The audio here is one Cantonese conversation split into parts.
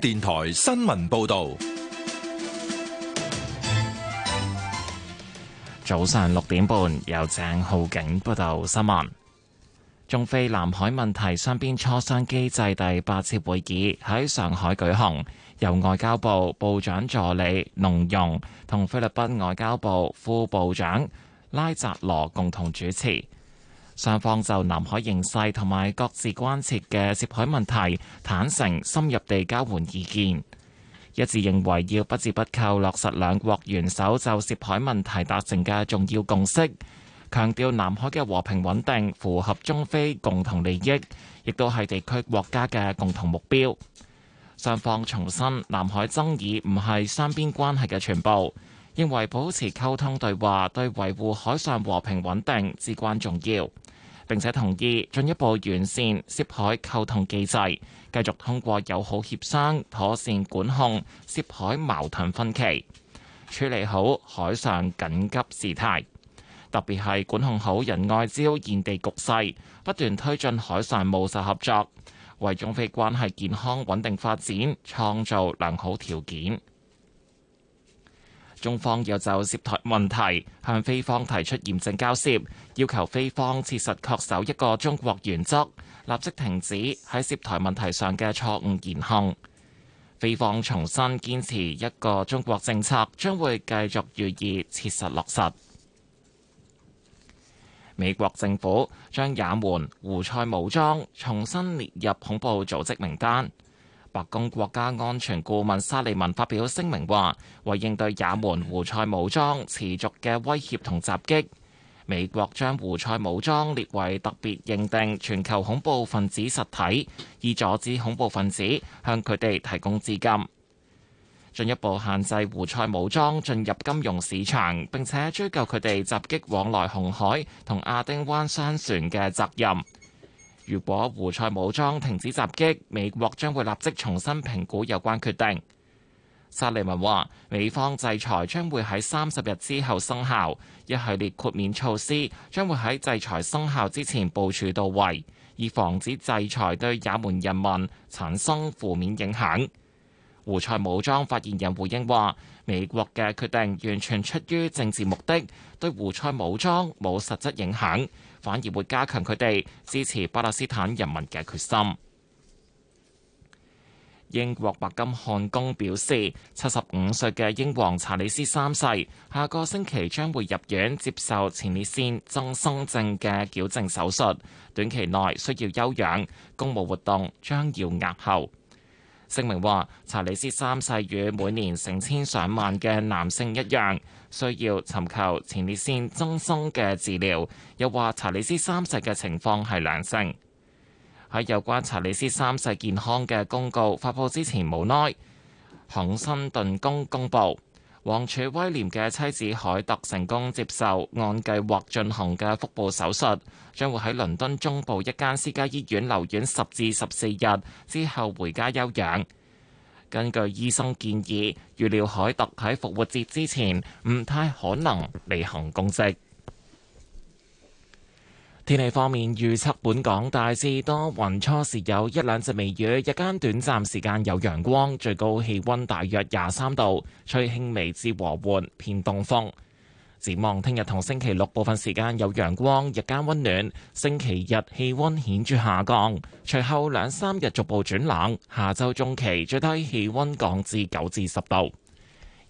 電台新聞報道，早上六點半，由鄭浩景報道新聞。中菲南海問題雙邊磋商機制第八次會議喺上海舉行，由外交部部長助理農融同菲律賓外交部副部長拉扎羅共同主持。雙方就南海形勢同埋各自關切嘅涉海問題坦誠深入地交換意見，一致認為要不折不扣落實兩國元首就涉海問題達成嘅重要共識，強調南海嘅和平穩定符合中菲共同利益，亦都係地區國家嘅共同目標。雙方重申，南海爭議唔係雙邊關係嘅全部，認為保持溝通對話對維護海上和平穩定至關重要。並且同意進一步完善涉海溝通機制，繼續通過友好協商妥善管控涉海矛盾分歧，處理好海上緊急事態，特別係管控好仁愛礁現地局勢，不斷推進海上務實合作，為中菲關係健康穩定發展創造良好條件。中方要就涉台問題向菲方提出嚴正交涉，要求菲方切實恪守一個中國原則，立即停止喺涉台問題上嘅錯誤言行。菲方重新堅持一個中國政策，將會繼續予以切實落實。美國政府將也門胡塞武裝重新列入恐怖組織名單。白宮國家安全顧問沙利文發表聲明話：為應對也門胡塞武裝持續嘅威脅同襲擊，美國將胡塞武裝列為特別認定全球恐怖分子實體，以阻止恐怖分子向佢哋提供資金，進一步限制胡塞武裝進入金融市場，並且追究佢哋襲擊往來紅海同亞丁灣商船嘅責任。如果胡塞武裝停止襲擊，美國將會立即重新評估有關決定。沙利文話：美方制裁將會喺三十日之後生效，一系列豁免措施將會喺制裁生效之前部署到位，以防止制裁對也門人民產生負面影響。胡塞武裝發言人回應話：美國嘅決定完全出於政治目的，對胡塞武裝冇實質影響，反而會加強佢哋支持巴勒斯坦人民嘅決心。英國白金漢宮表示，七十五歲嘅英皇查理斯三世下個星期將會入院接受前列腺增生症嘅矯正手術，短期內需要休養，公務活動將要押後。聲明話：查理斯三世與每年成千上萬嘅男性一樣，需要尋求前列腺增生嘅治療。又話查理斯三世嘅情況係良性。喺有關查理斯三世健康嘅公告發佈之前無，無耐，肯辛頓宮公佈。王儲威廉嘅妻子凱特成功接受按計劃進行嘅腹部手術，將會喺倫敦中部一間私家醫院留院十至十四日，之後回家休養。根據醫生建議，預料凱特喺復活節之前唔太可能履行公職。天氣方面，預測本港大致多雲，初時有一兩陣微雨，日間短暫時間有陽光，最高氣温大約廿三度，吹輕微至和緩偏東風。展望聽日同星期六部分時間有陽光，日間温暖；星期日氣温顯著下降，隨後兩三日逐步轉冷，下周中期最低氣温降至九至十度。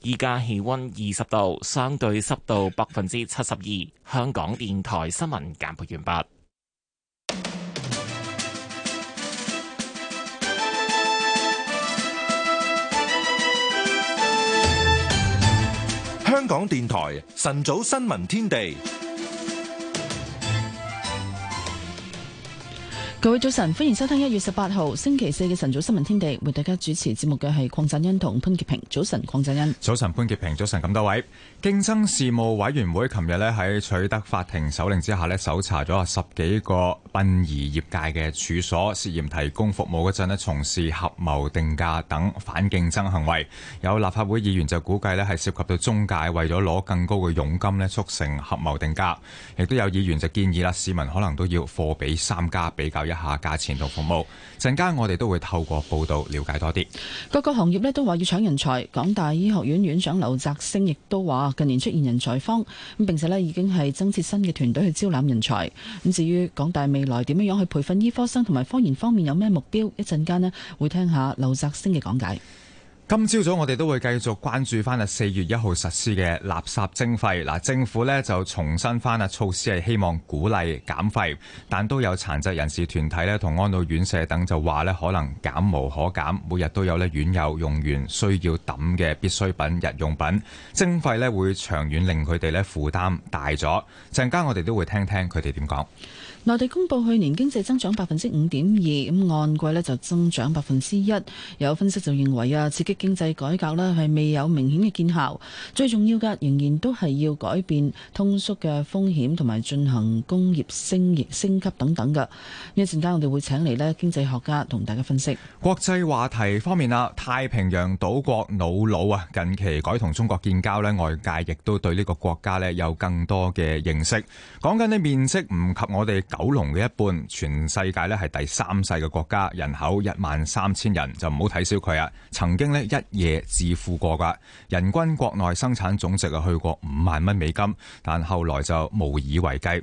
依家氣温二十度，相對濕度百分之七十二。香港電台新聞簡報完畢。香港電台晨早新聞天地。各位早晨，歡迎收聽一月十八號星期四嘅晨早新聞天地。為大家主持節目嘅係鄺振欣同潘潔平。早晨，鄺振欣。早晨，潘潔平。早晨，咁多位。競爭事務委員會琴日咧喺取得法庭手令之下咧，搜查咗十幾個殯儀業界嘅處所，涉嫌提供服務嗰陣咧從事合謀定價等反競爭行為。有立法會議員就估計咧係涉及到中介為咗攞更高嘅佣金咧促成合謀定價，亦都有議員就建議啦，市民可能都要貨比三家比較下價錢同服務，陣間我哋都會透過報道了解多啲。各個行業咧都話要搶人才，港大醫學院院長劉澤星亦都話近年出現人才荒，咁並且咧已經係增設新嘅團隊去招攬人才。咁至於港大未來點樣樣去培訓醫科生同埋科研方面有咩目標，一陣間咧會聽下劉澤星嘅講解。今朝早我哋都會繼續關注翻啊，四月一號實施嘅垃圾徵費嗱，政府呢就重申翻啊，措施係希望鼓勵減費，但都有殘疾人士團體咧同安老院舍等就話咧可能減無可減，每日都有咧院友用完需要抌嘅必需品、日用品，徵費咧會長遠令佢哋咧負擔大咗。陣間我哋都會聽聽佢哋點講。內地公布去年經濟增長百分之五點二，咁按季咧就增長百分之一。有分析就認為啊，刺激經濟改革咧係未有明顯嘅見效。最重要嘅仍然都係要改變通縮嘅風險，同埋進行工業升級升級等等嘅。等一陣間我哋會請嚟咧經濟學家同大家分析。國際話題方面啊，太平洋島國瑙魯啊，近期改同中國建交咧，外界亦都對呢個國家咧有更多嘅認識。講緊啲面色唔及我哋。九龍嘅一半，全世界咧係第三細嘅國家，人口一萬三千人，就唔好睇小佢啊！曾經呢一夜致富過噶，人均國內生產總值啊去過五萬蚊美金，但後來就無以為繼。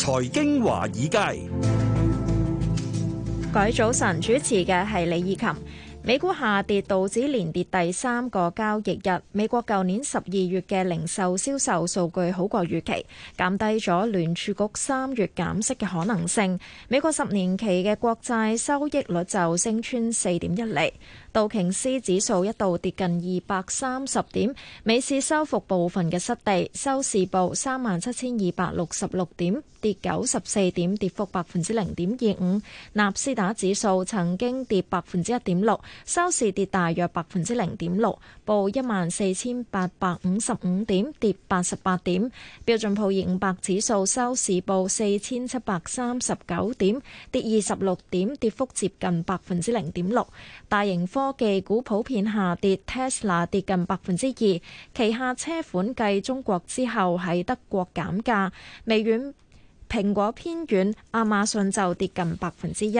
財經華爾街，改早晨主持嘅係李以琴。美股下跌，道指連跌第三個交易日。美國舊年十二月嘅零售銷售數據好過預期，減低咗聯儲局三月減息嘅可能性。美國十年期嘅國債收益率就升穿四點一厘。道瓊斯指數一度跌近二百三十點，美市收復部分嘅失地，收市報三萬七千二百六十六點，跌九十四點，跌幅百分之零點二五。納斯達指數曾經跌百分之一點六，收市跌大約百分之零點六，報一萬四千八百五十五點，跌八十八點。標準普爾五百指數收市報四千七百三十九點，跌二十六點，跌幅接近百分之零點六。大型科科技股普遍下跌，Tesla 跌近百分之二，旗下車款繼中國之後喺德國減價。微軟、蘋果偏軟，亞馬遜就跌近百分之一。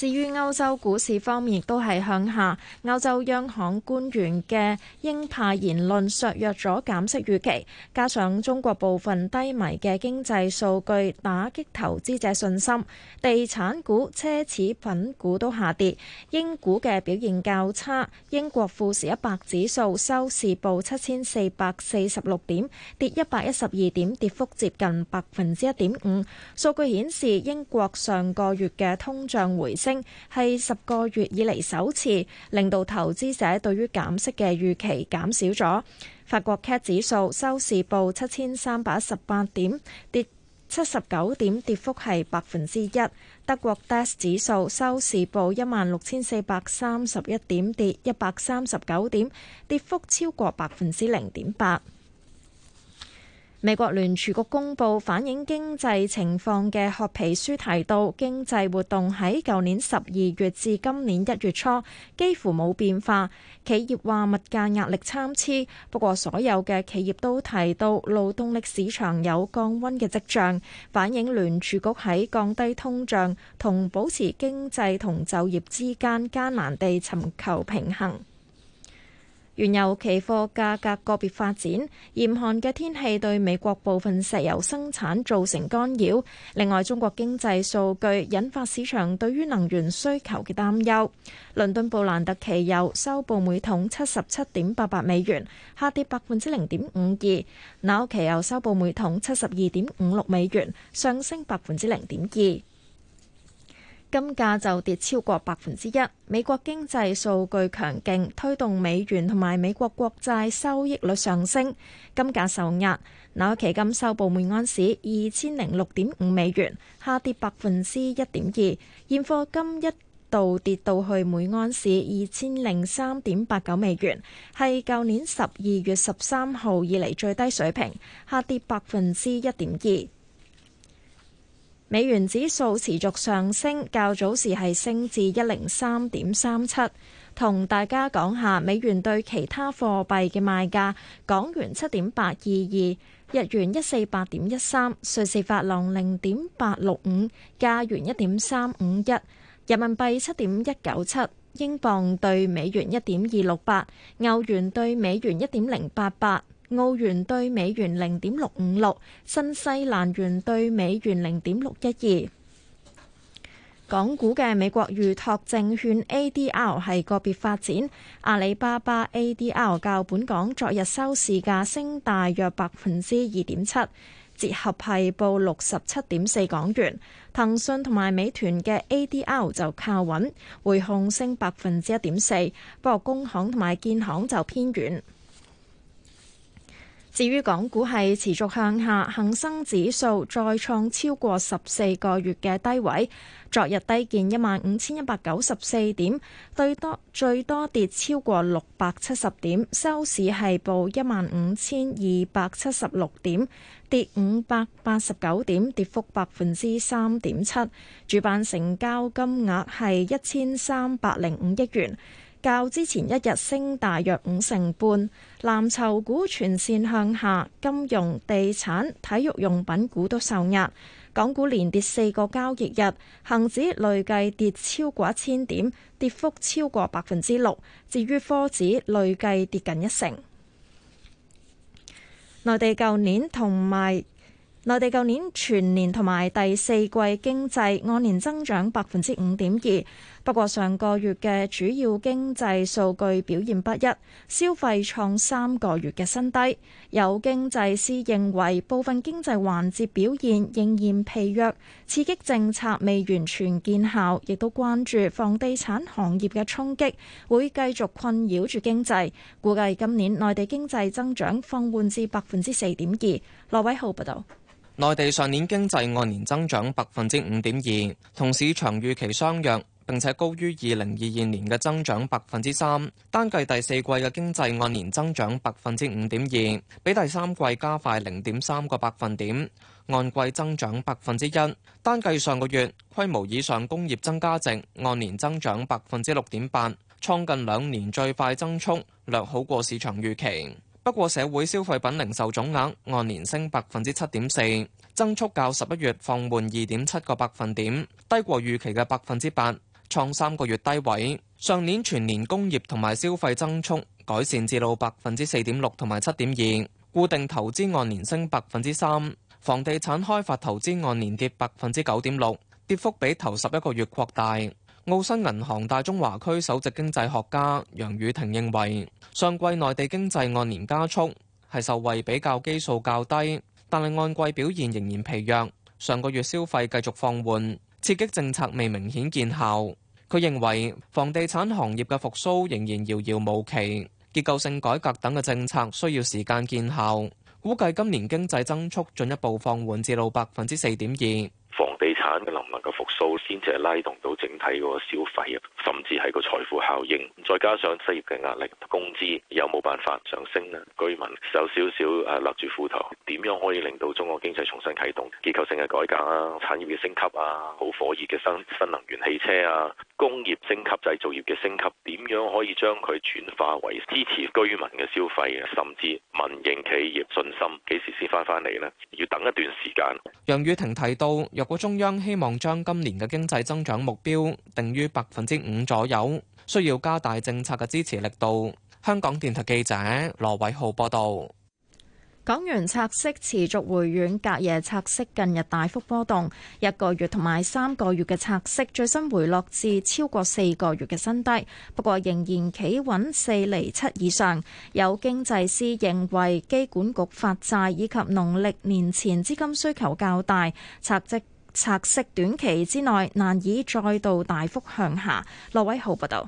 至於歐洲股市方面，亦都係向下。歐洲央行官員嘅鷹派言論削弱咗減息預期，加上中國部分低迷嘅經濟數據打擊投資者信心，地產股、奢侈品股都下跌。英股嘅表現較差，英國富時一百指數收市報七千四百四十六點，跌一百一十二點，跌幅接近百分之一點五。數據顯示英國上個月嘅通脹回升。係十個月以嚟首次，令到投資者對於減息嘅預期減少咗。法國 CAC 指數收市報七千三百一十八點，跌七十九點，跌幅係百分之一。德國 DAX 指數收市報一萬六千四百三十一點，跌一百三十九點，跌幅超過百分之零點八。美國聯儲局公佈反映經濟情況嘅褐皮書提到，經濟活動喺舊年十二月至今年一月初幾乎冇變化。企業話物價壓力參差，不過所有嘅企業都提到勞動力市場有降溫嘅跡象，反映聯儲局喺降低通脹同保持經濟同就業之間艱難地尋求平衡。原油期貨價格個別發展，嚴寒嘅天氣對美國部分石油生產造成干擾。另外，中國經濟數據引發市場對於能源需求嘅擔憂。倫敦布蘭特期油收報每桶七十七點八八美元，下跌百分之零點五二，紐期油收報每桶七十二點五六美元，上升百分之零點二。金價就跌超過百分之一，美國經濟數據強勁，推動美元同埋美國國債收益率上升，金價受壓。那期金收報每盎士二千零六點五美元，下跌百分之一點二。現貨金一度跌到去每盎士二千零三點八九美元，係舊年十二月十三號以嚟最低水平，下跌百分之一點二。美元指數持續上升，較早時係升至一零三點三七。同大家講下美元對其他貨幣嘅賣價：港元七點八二二，日元一四八點一三，瑞士法郎零點八六五，加元一點三五一，人民幣七點一九七，英鎊對美元一點二六八，歐元對美元一點零八八。澳元兌美元零點六五六，新西蘭元兌美元零點六一二。港股嘅美國預託證券 A D R 係個別發展，阿里巴巴 A D R 較本港昨日收市價升大約百分之二點七，折合係報六十七點四港元。騰訊同埋美團嘅 A D R 就靠穩，匯控升百分之一點四，不過工行同埋建行就偏軟。至於港股係持續向下，恒生指數再創超過十四個月嘅低位，昨日低見一萬五千一百九十四點，最多最多跌超過六百七十點，收市係報一萬五千二百七十六點，跌五百八十九點，跌幅百分之三點七，主板成交金額係一千三百零五億元。較之前一日升大約五成半，藍籌股全線向下，金融、地產、體育用品股都受壓。港股連跌四個交易日，恒指累計跌超過一千點，跌幅超過百分之六。至於科指累計跌近一成。內地舊年同埋內地舊年全年同埋第四季經濟按年增長百分之五點二。不過上個月嘅主要經濟數據表現不一，消費創三個月嘅新低。有經濟師認為部分經濟環節表現仍然疲弱，刺激政策未完全見效，亦都關注房地產行業嘅衝擊會繼續困擾住經濟。估計今年內地經濟增長放緩至百分之四點二。羅偉浩報導，內地上年經濟按年增長百分之五點二，同市場預期相若。並且高於二零二二年嘅增長百分之三，單計第四季嘅經濟按年增長百分之五點二，比第三季加快零點三個百分點，按季增長百分之一。單計上個月規模以上工業增加值按年增長百分之六點八，創近兩年最快增速，略好過市場預期。不過，社會消費品零售總額按年升百分之七點四，增速較十一月放緩二點七個百分點，低過預期嘅百分之八。創三個月低位。上年全年工業同埋消費增速改善至到百分之四點六同埋七點二。固定投資按年升百分之三，房地產開發投資按年跌百分之九點六，跌幅比頭十一個月擴大。澳新銀行大中華區首席經濟學家楊宇霆認為，上季內地經濟按年加速係受惠比較基數較低，但係按季表現仍然疲弱。上個月消費繼續放緩。刺激政策未明顯見效，佢認為房地產行業嘅復甦仍然遙遙無期，結構性改革等嘅政策需要時間見效，估計今年經濟增速進一步放緩至到百分之四點二。房地產嘅能唔能夠復甦，先至係拉動到整體嗰個消費啊，甚至係個財富效應。再加上失業嘅壓力，工資有冇辦法上升啊？居民有少少啊勒住褲頭，點樣可以令到中國經濟重新啟動？結構性嘅改革啊，產業嘅升級啊，好火熱嘅新新能源汽車啊，工業升級、製造業嘅升級，點樣可以將佢轉化為支持居民嘅消費啊？甚至民營企業信心幾時先翻翻嚟呢？要等一段時間。楊雨婷提到中央希望將今年嘅經濟增長目標定於百分之五左右，需要加大政策嘅支持力度。香港電台記者羅偉浩報道：港元拆息持續回軟，隔夜拆息近日大幅波動，一個月同埋三個月嘅拆息最新回落至超過四個月嘅新低，不過仍然企穩四厘七以上。有經濟師認為，機管局發債以及農曆年前資金需求較大，拆息。拆息短期之內難以再度大幅向下。羅偉豪報道，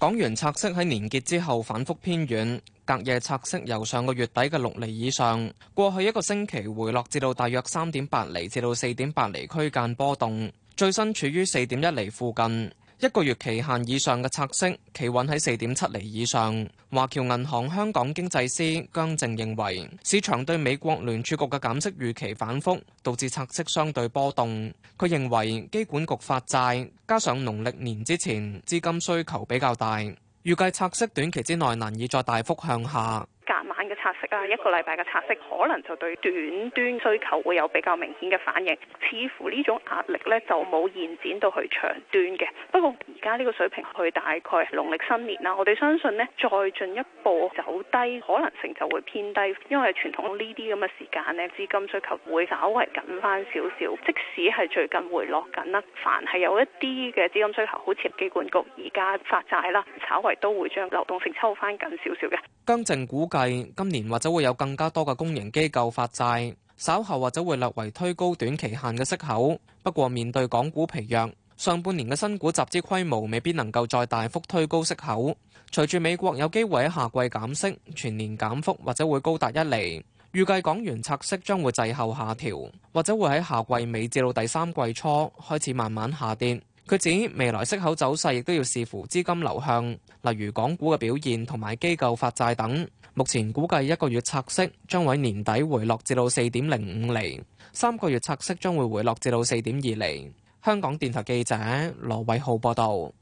港元拆息喺年結之後反覆偏軟，隔夜拆息由上個月底嘅六厘以上，過去一個星期回落至到大約三點八厘至到四點八厘區間波動，最新處於四點一厘附近。一個月期限以上嘅拆息，企穩喺四點七厘以上。華僑銀行香港經濟師姜靖認為，市場對美國聯儲局嘅減息預期反覆，導致拆息相對波動。佢認為，基管局發債加上農曆年之前資金需求比較大，預計拆息短期之內難以再大幅向下。隔晚嘅拆息啊，一個禮拜嘅拆息，可能就對短端需求會有比較明顯嘅反應。似乎呢種壓力咧就冇延展到去長端嘅。不過而家呢個水平去大概農曆新年啦，我哋相信呢，再進一步走低可能性就會偏低，因為傳統呢啲咁嘅時間呢，資金需求會稍微緊翻少少。即使係最近回落緊啦，凡係有一啲嘅資金需求，好似機管局而家發債啦，稍微都會將流動性抽翻緊少少嘅。江證股。計今年或者會有更加多嘅公營機構發債，稍後或者會略為推高短期限嘅息口。不過面對港股疲弱，上半年嘅新股集資規模未必能夠再大幅推高息口。隨住美國有機會喺夏季減息，全年減幅或者會高達一厘。預計港元拆息將會滯後下調，或者會喺夏季尾至到第三季初開始慢慢下跌。佢指未來息口走勢亦都要視乎資金流向，例如港股嘅表現同埋機構發債等。目前估計一個月拆息將喺年底回落至到四點零五釐，三個月拆息將會回落至到四點二釐。香港電台記者羅偉浩報道。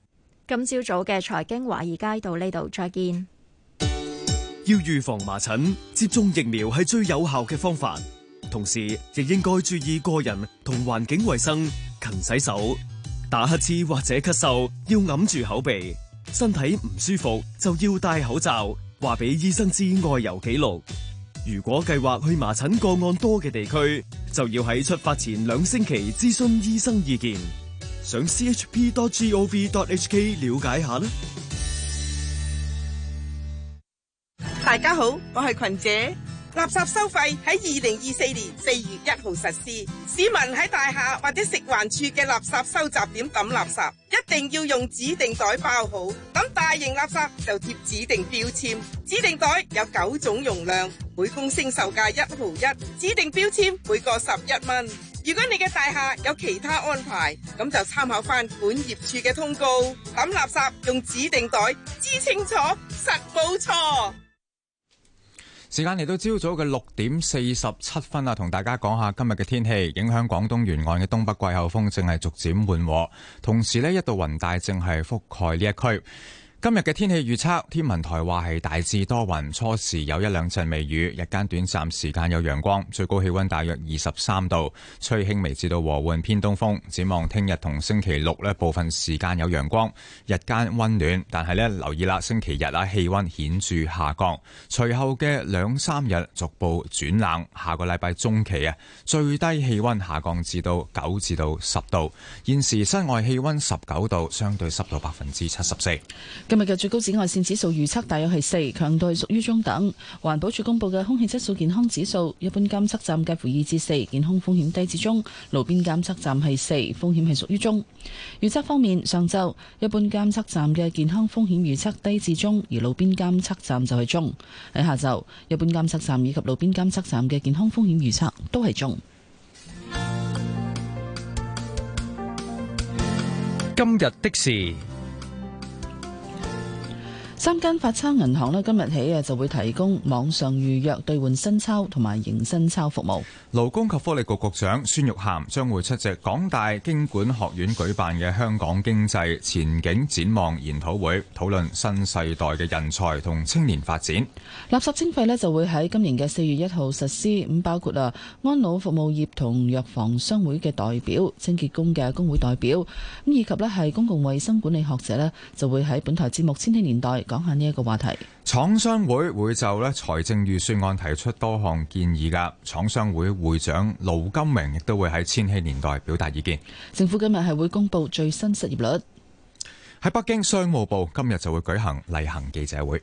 今朝早嘅財經華爾街到呢度再見。要預防麻疹，接種疫苗係最有效嘅方法。同時亦應該注意個人同環境衞生，勤洗手，打乞嗤或者咳嗽要揞住口鼻，身體唔舒服就要戴口罩。話俾醫生知外遊記錄，如果計劃去麻疹個案多嘅地區，就要喺出發前兩星期諮詢醫生意見。上 chp.gov.hk 了解下啦。大家好，我係群姐。垃圾收費喺二零二四年四月一號實施，市民喺大廈或者食環處嘅垃圾收集點抌垃圾，一定要用指定袋包好。抌大型垃圾就貼指定標籤，指定袋有九種容量，每公升售價一毫一。指定標籤每個十一蚊。如果你嘅大廈有其他安排，咁就參考翻本業處嘅通告。抌垃圾用指定袋，知清楚，實冇錯。時間嚟到朝早嘅六點四十七分啊，同大家講下今日嘅天氣。影響廣東沿岸嘅東北季候風正係逐漸緩和，同時呢，一道雲帶正係覆蓋呢一區。今日嘅天氣預測，天文台話係大致多雲，初時有一兩陣微雨，日間短暫時間有陽光，最高氣溫大約二十三度，吹輕微至到和緩偏東風。展望聽日同星期六呢，部分時間有陽光，日間溫暖，但係呢，留意啦，星期日啊氣溫顯著下降，隨後嘅兩三日逐步轉冷，下個禮拜中期啊最低氣溫下降至到九至到十度。現時室外氣溫十九度，相對濕度百分之七十四。今日嘅最高紫外線指數預測大約係四，強度係屬於中等。環保署公布嘅空氣質素健康指數，一般監測站介乎二至四，健康風險低至中；路邊監測站係四，風險係屬於中。預測方面，上晝一般監測站嘅健康風險預測低至中，而路邊監測站就係中。喺下晝，一般監測站以及路邊監測站嘅健康風險預測都係中。今日的事。三間發鈔銀行咧，今日起啊就會提供網上預約兌換新鈔同埋迎新鈔服務。勞工及福利局局，局長孫玉菡將會出席港大經管學院舉辦嘅香港經濟前景展望研討會，討論新世代嘅人才同青年發展。垃圾徵費咧就會喺今年嘅四月一號實施，咁包括啊安老服務業同藥房商會嘅代表、清潔工嘅工會代表，咁以及咧係公共衛生管理學者咧就會喺本台節目《千禧年代》。講下呢一個話題，廠商會會就咧財政預算案提出多項建議噶。廠商會會長盧金明亦都會喺千禧年代表達意見。政府今日係會公布最新失業率，喺北京商務部今日就會舉行例行記者會。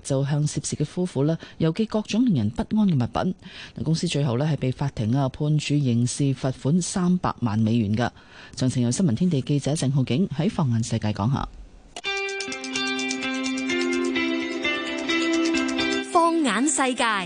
就向涉事嘅夫婦呢郵寄各種令人不安嘅物品。公司最後呢係被法庭啊判處刑事罰款三百萬美元嘅。詳情由新聞天地記者鄭浩景喺放眼世界講下。放眼世界，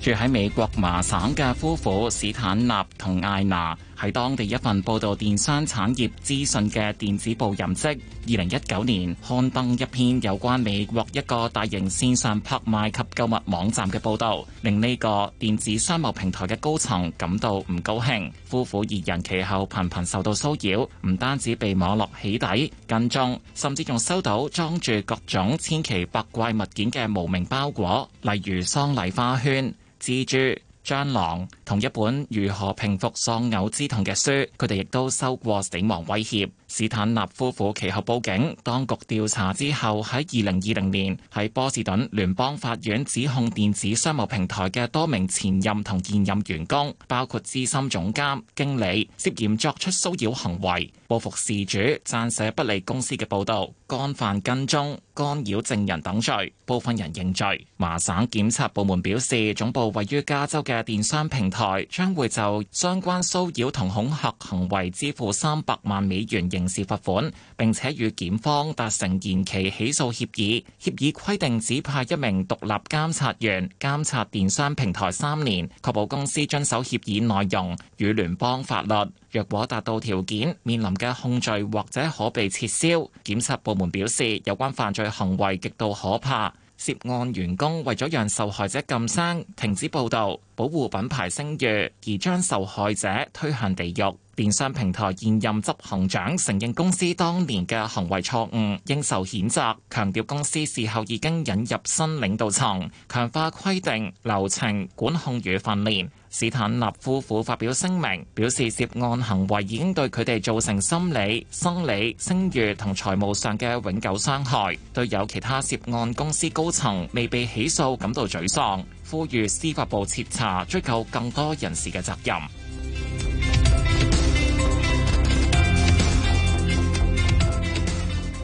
住喺美國麻省嘅夫婦史坦納同艾娜。喺當地一份報道電商產業資訊嘅電子報任職，二零一九年刊登一篇有關美國一個大型線上拍賣及購物網站嘅報道，令呢個電子商務平台嘅高層感到唔高興。夫婦二人其後頻頻受到騷擾，唔單止被網絡起底跟蹤，甚至仲收到裝住各種千奇百怪物件嘅無名包裹，例如喪禮花圈、蜘蛛、蟑螂同一本如何平復喪偶之痛嘅書，佢哋亦都受過死亡威脅。史坦納夫婦其後報警，當局調查之後喺二零二零年喺波士頓聯邦法院指控電子商務平台嘅多名前任同現任員工，包括資深總監經理，涉嫌作出騷擾行為，報復事主，撰寫不利公司嘅報道，干犯跟蹤干擾證人等罪，部分人認罪。麻省檢察部門表示，總部位於加州嘅電商平台將會就相關騷擾同恐嚇行為支付三百萬美元刑事罰款，並且與檢方達成延期起訴協議。協議規定指派一名獨立監察員監察電商平台三年，確保公司遵守協議內容與聯邦法律。若果達到條件，面臨嘅控罪或者可被撤銷。檢察部門表示，有關犯罪行為極度可怕。涉案員工為咗讓受害者禁聲、停止報道、保護品牌聲譽，而將受害者推向地獄。電商平台現任執行長承認公司當年嘅行為錯誤，應受譴責。強調公司事後已經引入新領導層，強化規定、流程、管控與訓練。斯坦納夫婦發表聲明，表示涉案行為已經對佢哋造成心理、生理、聲譽同財務上嘅永久傷害，對有其他涉案公司高層未被起訴感到沮喪，呼籲司法部徹查，追究更多人士嘅責任。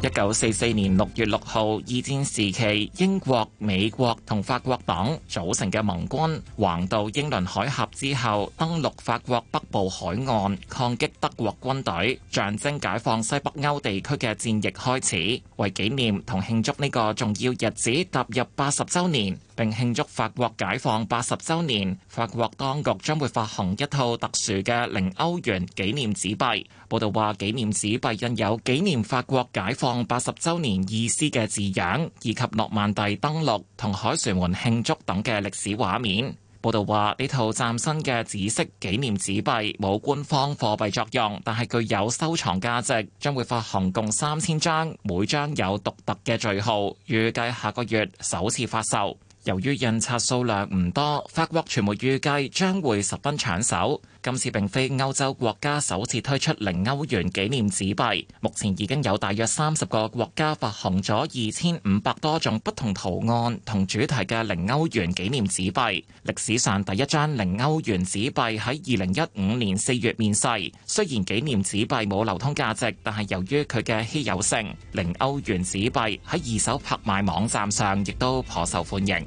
一九四四年六月六號，二戰時期，英國、美國同法國等組成嘅盟軍橫渡英倫海峽之後，登陸法國北部海岸，抗擊德國軍隊，象徵解放西北歐地區嘅戰役開始。為紀念同慶祝呢個重要日子踏入八十周年。並慶祝法國解放八十週年，法國當局將會發行一套特殊嘅零歐元紀念紙幣。報道話，紀念紙幣印有紀念法國解放八十週年意思嘅字樣，以及諾曼第登陸同凱旋門慶祝等嘅歷史畫面。報道話，呢套嶄新嘅紫色紀念紙幣冇官方貨幣作用，但係具有收藏價值，將會發行共三千張，每張有獨特嘅序號，預計下個月首次發售。由於印刷數量唔多，法國傳媒預計將會十分搶手。今次並非歐洲國家首次推出零歐元紀念紙幣，目前已經有大約三十個國家發行咗二千五百多種不同圖案同主題嘅零歐元紀念紙幣。歷史上第一張零歐元紙幣喺二零一五年四月面世。雖然紀念紙幣冇流通價值，但係由於佢嘅稀有性，零歐元紙幣喺二手拍賣網站上亦都頗受歡迎。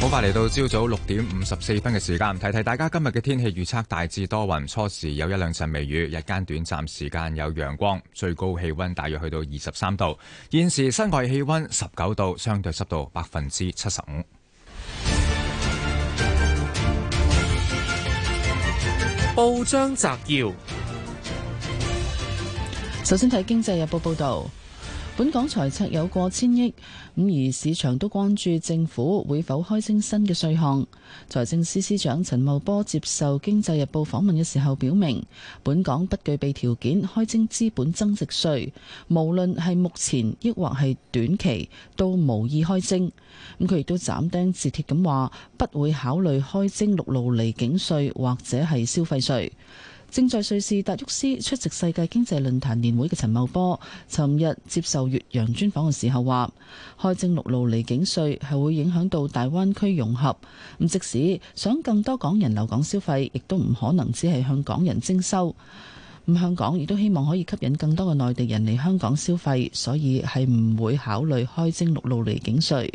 好快嚟到朝早六點五十四分嘅時間，提提大家今日嘅天氣預測大致多雲，初時有一兩陣微雨，日間短暫時間有陽光，最高氣溫大約去到二十三度。現時室外氣溫十九度，相對濕度百分之七十五。報章摘要。首先睇《經濟日報》報導，本港財赤有過千億，咁而市場都關注政府會否開徵新嘅稅項。財政司司長陳茂波接受《經濟日報》訪問嘅時候，表明本港不具備條件開徵資本增值稅，無論係目前抑或係短期都無意開徵。咁佢亦都斬釘截鐵咁話，不會考慮開徵陸路離境稅或者係消費稅。正在瑞士達沃斯出席世界經濟論壇年會嘅陳茂波，尋日接受越洋專訪嘅時候話，開徵陸路離境稅係會影響到大灣區融合，咁即使想更多港人留港消費亦都唔可能只係向港人徵收。咁香港亦都希望可以吸引更多嘅內地人嚟香港消費，所以係唔會考慮開徵陸路離境稅。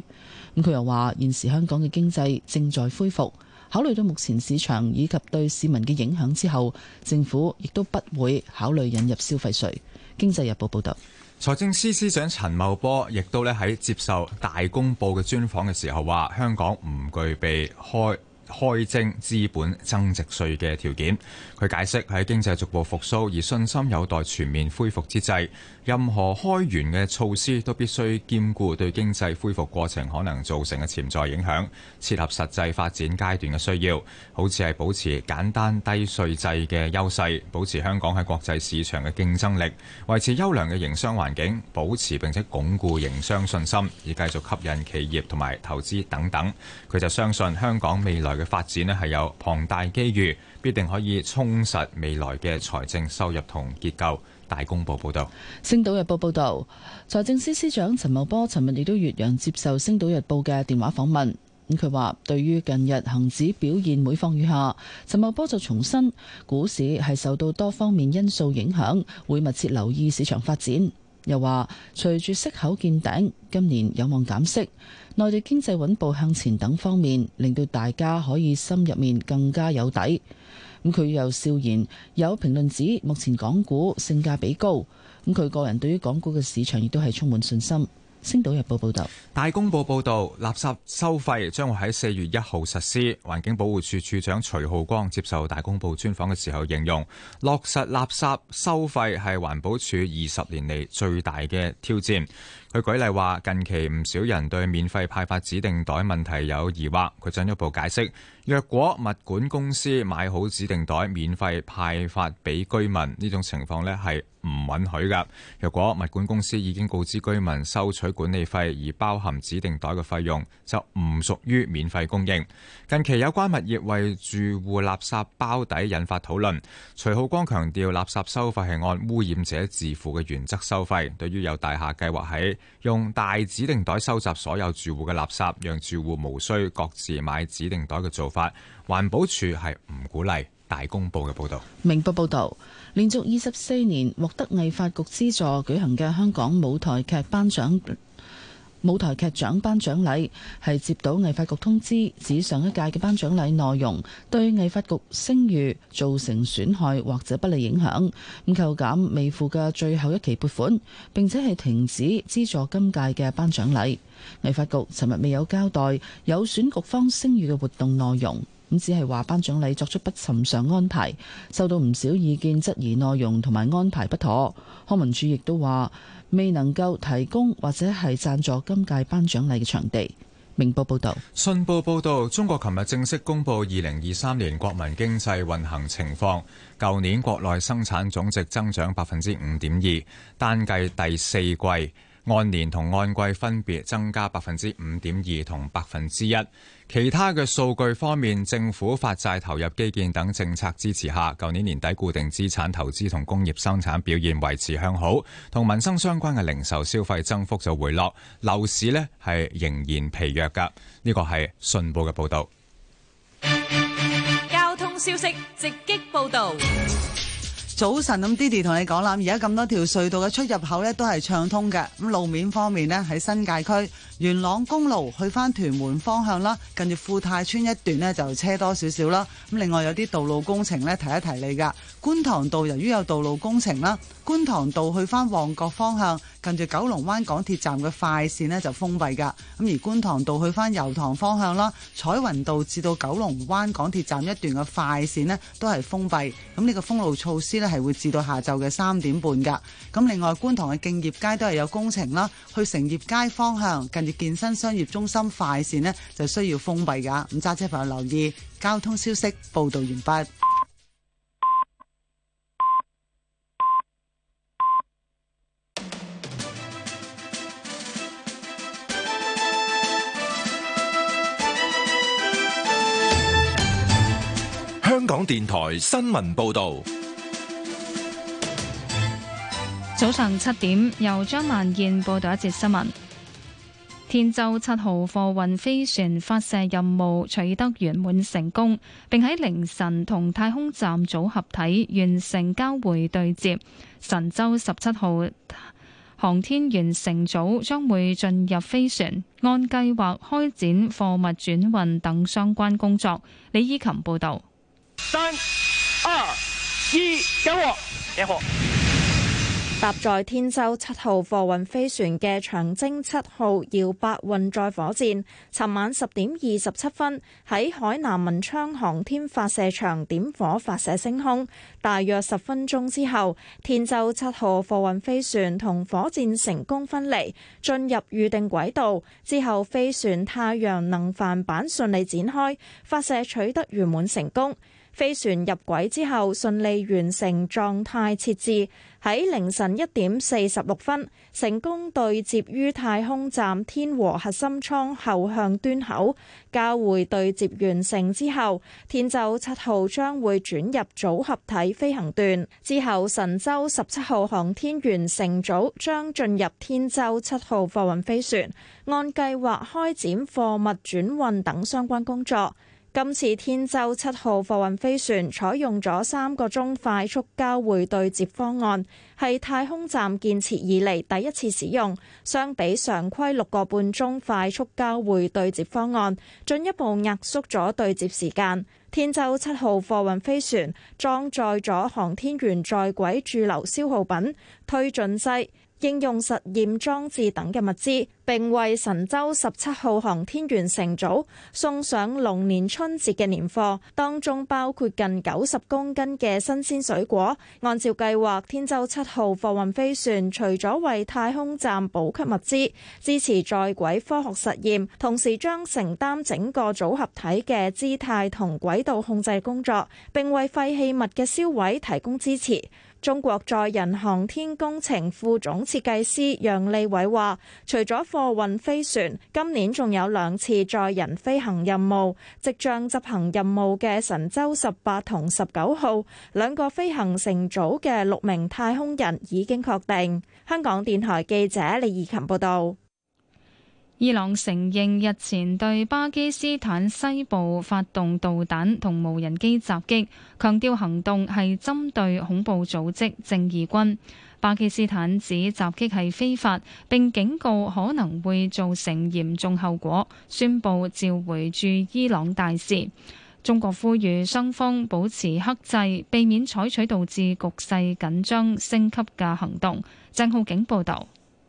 咁佢又話現時香港嘅經濟正在恢復。考慮到目前市場以及對市民嘅影響之後，政府亦都不會考慮引入消費稅。經濟日報報道，財政司司長陳茂波亦都咧喺接受大公報嘅專訪嘅時候話：香港唔具備開開徵資本增值稅嘅條件，佢解釋喺經濟逐步復甦而信心有待全面恢復之際，任何開源嘅措施都必須兼顧對經濟恢復過程可能造成嘅潛在影響，切合實際發展階段嘅需要。好似係保持簡單低稅制嘅優勢，保持香港喺國際市場嘅競爭力，維持優良嘅營商環境，保持並且鞏固營商信心，以繼續吸引企業同埋投資等等。佢就相信香港未來。嘅發展咧係有龐大機遇，必定可以充實未來嘅財政收入同結構。大公報報導，《星島日報》報導，財政司司長陳茂波尋日亦都越洋接受《星島日報》嘅電話訪問。咁佢話：對於近日恒指表現每況愈下，陳茂波就重申股市係受到多方面因素影響，會密切留意市場發展。又話：隨住息口見頂，今年有望減息。內地經濟穩步向前等方面，令到大家可以心入面更加有底。咁佢又笑言，有評論指目前港股性價比高，咁佢個人對於港股嘅市場亦都係充滿信心。星島日報報道。大公報報道，垃圾收費將會喺四月一號實施。環境保護署署長徐浩光接受大公報專訪嘅時候形容，落實垃圾收費係環保署二十年嚟最大嘅挑戰。佢舉例話，近期唔少人對免費派發指定袋問題有疑惑。佢進一步解釋：若果物管公司買好指定袋免費派發俾居民，呢種情況呢係唔允許噶。若果物管公司已經告知居民收取管理費而包含指定袋嘅費用，就唔屬於免費供應。近期有關物業為住戶垃圾包底引發討論，徐浩光強調，垃圾收費係按污染者自付嘅原則收費。對於有大廈計劃喺用大指定袋收集所有住戶嘅垃圾，讓住戶無需各自買指定袋嘅做法，環保署係唔鼓勵。大公報嘅報道，明報報道，連續二十四年獲得藝發局資助舉行嘅香港舞台劇頒獎。舞台劇獎頒獎禮係接到藝發局通知，指上一屆嘅頒獎禮內容對藝發局聲譽造成損害或者不利影響，咁扣減未付嘅最後一期撥款，並且係停止資助今屆嘅頒獎禮。藝發局尋日未有交代有損局方聲譽嘅活動內容。咁只係話頒獎禮作出不尋常安排，受到唔少意見質疑，內容同埋安排不妥。康文署亦都話未能夠提供或者係贊助今屆頒獎禮嘅場地。明報報道，信報報道，中國琴日正式公布二零二三年國民經濟運行情況。舊年國內生產總值增長百分之五點二，單計第四季，按年同按季分別增加百分之五點二同百分之一。其他嘅數據方面，政府發債、投入基建等政策支持下，舊年年底固定資產投資同工業生產表現維持向好，同民生相關嘅零售消費增幅就回落，樓市呢係仍然疲弱嘅。呢個係信報嘅報導。交通消息直擊報導。早晨，咁 Didi 同你講啦，而家咁多條隧道嘅出入口呢都係暢通嘅。咁路面方面呢，喺新界區元朗公路去返屯門方向啦，近住富泰村一段呢，就車多少少啦。咁另外有啲道路工程呢，提一提你㗎，觀塘道由於有道路工程啦，觀塘道去返旺角方向。近住九龍灣港鐵站嘅快線咧就封閉噶，咁而觀塘道去返油塘方向啦，彩雲道至到九龍灣港鐵站一段嘅快線咧都係封閉，咁、這、呢個封路措施咧係會至到下晝嘅三點半噶。咁另外觀塘嘅敬業街都係有工程啦，去成業街方向近住健身商業中心快線咧就需要封閉噶，咁揸車朋友留意交通消息報道完畢。香港電台新聞報道，早上七點由張萬燕報道一節新聞。天舟七號貨運飛船發射任務取得圓滿成功，並喺凌晨同太空站組合體完成交會對接。神舟十七號航天員乘組將會進入飛船，按計劃開展貨物轉運等相關工作。李依琴報道。三、二、一，點火！點火！搭載天舟七號貨運飛船嘅長征七號遙八運載火箭，尋晚十點二十七分喺海南文昌航天發射場點火發射升空。大約十分鐘之後，天舟七號貨運飛船同火箭成功分離，進入預定軌道。之後，飛船太陽能帆板順利展開，發射取得圓滿成功。飛船入軌之後，順利完成狀態設置，喺凌晨一點四十六分成功對接於太空站天和核心艙後向端口。交會對接完成之後，天舟七號將會轉入組合體飛行段，之後神舟十七號航天員乘組將進入天舟七號貨運飛船，按計劃開展貨物轉運等相關工作。今次天舟七號貨運飛船採用咗三個鐘快速交匯對接方案，係太空站建設以嚟第一次使用。相比常規六個半鐘快速交匯對接方案，進一步壓縮咗對接時間。天舟七號貨運飛船裝載咗航天員在軌駐留消耗品、推進劑。應用實驗裝置等嘅物資，並為神舟十七號航天員乘組送上龍年春節嘅年貨，當中包括近九十公斤嘅新鮮水果。按照計劃，天舟七號貨運飛船除咗為太空站補給物資、支持在軌科學實驗，同時將承擔整個組合體嘅姿態同軌道控制工作，並為廢棄物嘅銷毀提供支持。中國載人航天工程副總設計師楊利偉話，除咗貨運飛船，今年仲有兩次載人飛行任務，即將執行任務嘅神舟十八同十九號兩個飛行乘組嘅六名太空人已經確定。香港電台記者李怡琴報道。伊朗承認日前對巴基斯坦西部發動導彈同無人機襲擊，強調行動係針對恐怖組織正義軍。巴基斯坦指襲擊係非法，並警告可能會造成嚴重後果，宣布召回駐伊朗大使。中國呼籲雙方保持克制，避免採取導致局勢緊張升級嘅行動。鄭浩景報道。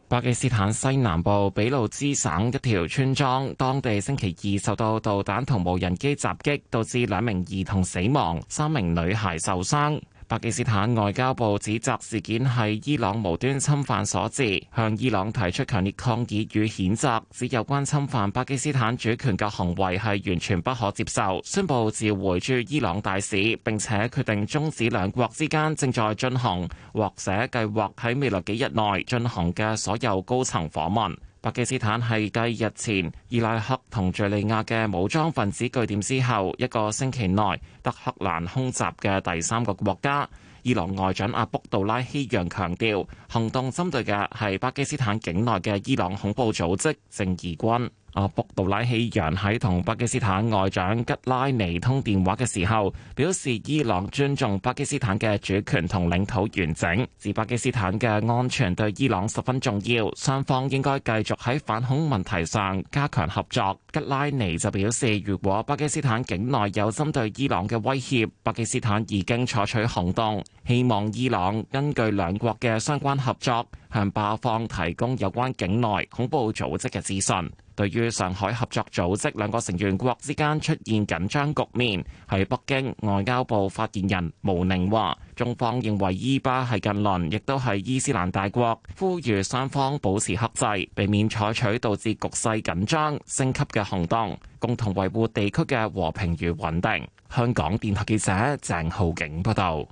巴基斯坦西南部俾路支省一條村莊，當地星期二受到導彈同無人機襲擊，導致兩名兒童死亡，三名女孩受傷。巴基斯坦外交部指責事件係伊朗無端侵犯所致，向伊朗提出強烈抗議與譴責，指有關侵犯巴基斯坦主權嘅行為係完全不可接受，宣布召回駐伊朗大使，並且決定終止兩國之間正在進行或者計劃喺未來幾日內進行嘅所有高層訪問。巴基斯坦係繼日前伊拉克同敘利亞嘅武裝分子據點之後，一個星期內德黑蘭空襲嘅第三個國家。伊朗外長阿卜杜拉希揚強調，行動針對嘅係巴基斯坦境內嘅伊朗恐怖組織正義軍。阿卜、啊、杜拉希揚喺同巴基斯坦外長吉拉尼通電話嘅時候，表示伊朗尊重巴基斯坦嘅主權同領土完整，指巴基斯坦嘅安全對伊朗十分重要，雙方應該繼續喺反恐問題上加強合作。吉拉尼就表示，如果巴基斯坦境內有針對伊朗嘅威脅，巴基斯坦已經採取行動，希望伊朗根據兩國嘅相關合作，向巴方提供有關境內恐怖組織嘅資訊。對於上海合作組織兩個成員國之間出現緊張局面，喺北京外交部發言人毛寧話，中方認為伊巴係近鄰，亦都係伊斯蘭大國，呼籲雙方保持克制，避免採取導致局勢緊張升級嘅行動，共同維護地區嘅和平與穩定。香港電台記者鄭浩景報道。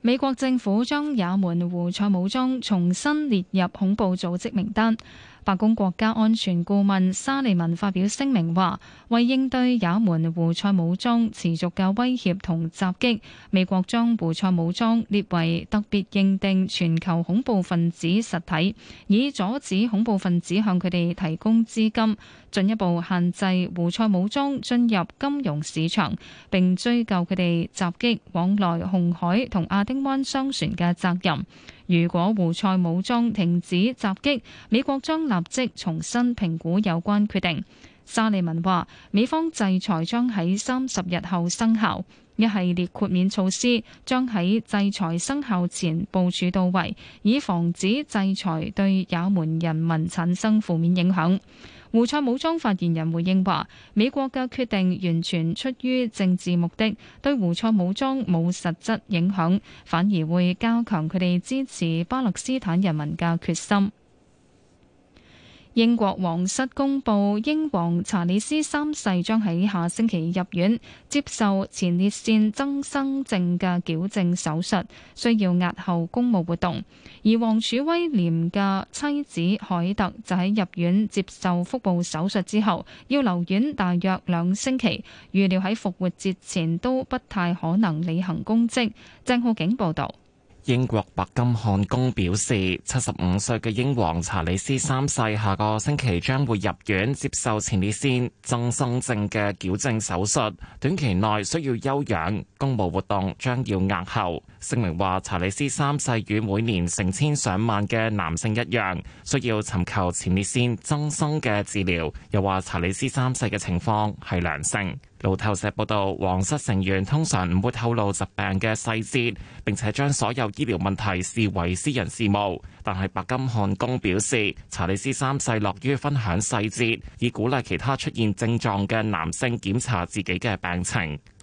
美國政府將也門胡塞武裝重新列入恐怖組織名單。白宮國家安全顧問沙利文發表聲明話：為應對也門胡塞武裝持續嘅威脅同襲擊，美國將胡塞武裝列為特別認定全球恐怖分子實體，以阻止恐怖分子向佢哋提供資金，進一步限制胡塞武裝進入金融市場，並追究佢哋襲擊往來紅海同亞丁灣商船嘅責任。如果胡塞武裝停止襲擊，美國將立即重新評估有關決定。沙利文話：美方制裁將喺三十日後生效，一系列豁免措施將喺制裁生效前部署到位，以防止制裁對也門人民產生負面影響。胡塞武裝發言人回應話：美國嘅決定完全出於政治目的，對胡塞武裝冇實質影響，反而會加強佢哋支持巴勒斯坦人民嘅決心。英國皇室公布，英皇查理斯三世將喺下星期入院接受前列腺增生症嘅矯正手術，需要押後公務活動。而王儲威廉嘅妻子凱特就喺入院接受腹部手術之後，要留院大約兩星期，預料喺復活節前都不太可能履行公職。鄭浩景報道。英國白金漢宮表示，七十五歲嘅英皇查理斯三世下個星期將會入院接受前列腺增生症嘅矯正手術，短期內需要休養，公務活動將要押後。聲明話，查理斯三世與每年成千上萬嘅男性一樣，需要尋求前列腺增生嘅治療。又話查理斯三世嘅情況係良性。路透社報道，皇室成員通常唔會透露疾病嘅細節，並且將所有醫療問題視為私人事務。但係白金漢宮表示，查理斯三世樂於分享細節，以鼓勵其他出現症狀嘅男性檢查自己嘅病情。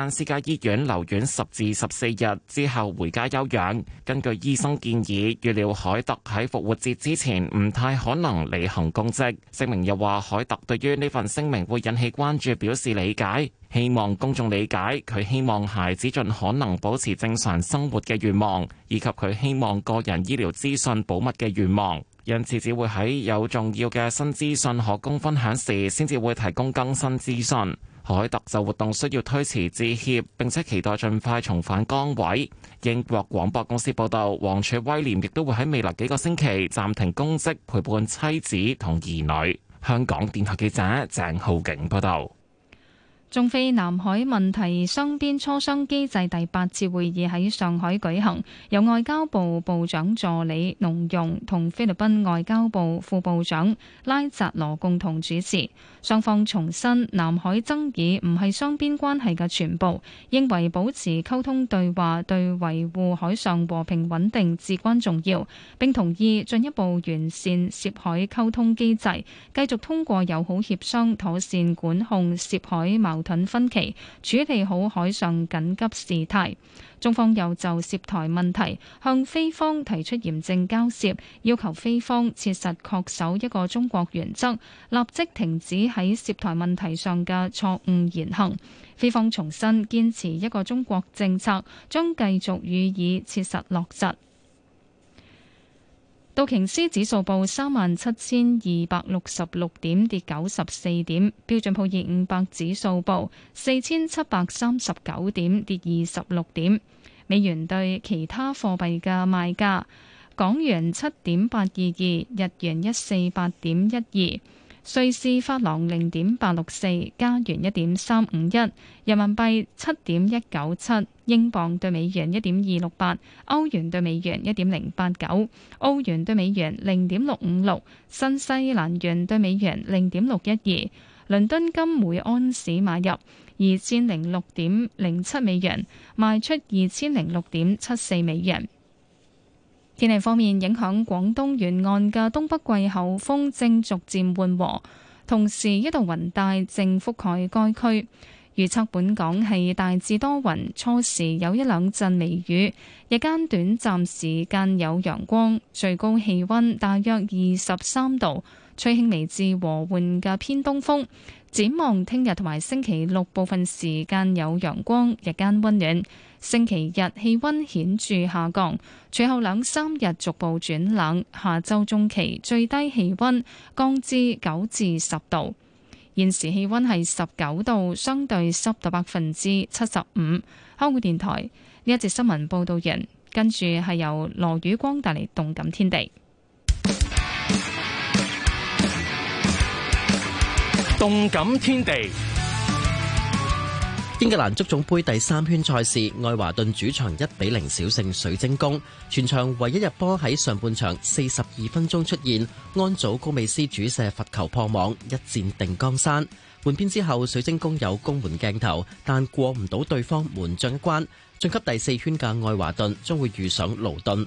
但私家醫院留院十至十四日之後回家休養。根據醫生建議，預料凱特喺復活節之前唔太可能履行公職。聲明又話，凱特對於呢份聲明會引起關注表示理解，希望公眾理解佢希望孩子盡可能保持正常生活嘅願望，以及佢希望個人醫療資訊保密嘅願望。因此只會喺有重要嘅新資訊可供分享時，先至會提供更新資訊。凱特就活動需要推遲致歉，並且期待盡快重返崗位。英國廣播公司報道，王儲威廉亦都會喺未來幾個星期暫停公職，陪伴妻，妻子同兒女。香港電台記者鄭浩景報道。中菲南海問題雙邊磋商機制第八次會議喺上海舉行，由外交部部長助理農融同菲律賓外交部副部長拉扎羅共同主持。雙方重申南海爭議唔係雙邊關係嘅全部，認為保持溝通對話對維護海上和平穩定至關重要，並同意進一步完善涉海溝通機制，繼續通過友好協商妥善管控涉海矛矛盾分歧，處理好海上緊急事態。中方又就涉台問題向菲方提出嚴正交涉，要求菲方切實恪守一個中國原則，立即停止喺涉台問題上嘅錯誤言行。菲方重申堅持一個中國政策，將繼續予以切實落實。道瓊斯指數報三萬七千二百六十六點，跌九十四點。標準普爾五百指數報四千七百三十九點，跌二十六點。美元對其他貨幣嘅賣價：港元七點八二二，日元一四八點一二。瑞士法郎零點八六四，加元一點三五一，人民幣七點一九七，英鎊兌美元一點二六八，歐元兌美元一點零八九，歐元兌美元零點六五六，新西蘭元兌美元零點六一二，倫敦金每安士買入二千零六點零七美元，賣出二千零六點七四美元。天氣方面，影響廣東沿岸嘅東北季候風正逐漸緩和，同時一道雲帶正覆蓋該區。預測本港係大致多雲，初時有一兩陣微雨，日間短暫時間有陽光，最高氣溫大約二十三度，吹輕微至和緩嘅偏東風。展望聽日同埋星期六部分時間有陽光，日間溫暖。星期日氣温顯著下降，隨後兩三日逐步轉冷。下周中期最低氣温降至九至十度。現時氣温係十九度，相對濕度百分之七十五。香港電台呢一節新聞報道完，跟住係由羅宇光帶嚟動感天地。動感天地，英格蘭足總杯第三圈賽事，愛華頓主場一比零小勝水晶宮。全場唯一入波喺上半場四十二分鐘出現，安祖高美斯主射罰球破網，一戰定江山。換邊之後，水晶宮有攻門鏡頭，但過唔到對方門將一關。晉級第四圈嘅愛華頓將會遇上勞頓。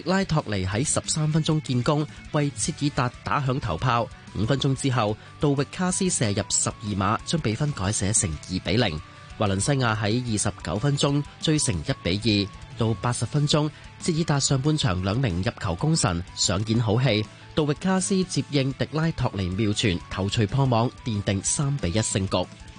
迪拉托尼喺十三分鐘建功，為切爾達打響頭炮。五分鐘之後，杜域卡斯射入十二碼，將比分改寫成二比零。華倫西亞喺二十九分鐘追成一比二。到八十分鐘，切爾達上半場兩名入球功臣上演好戲，杜域卡斯接應迪拉托尼妙傳，頭槌破網，奠定三比一勝局。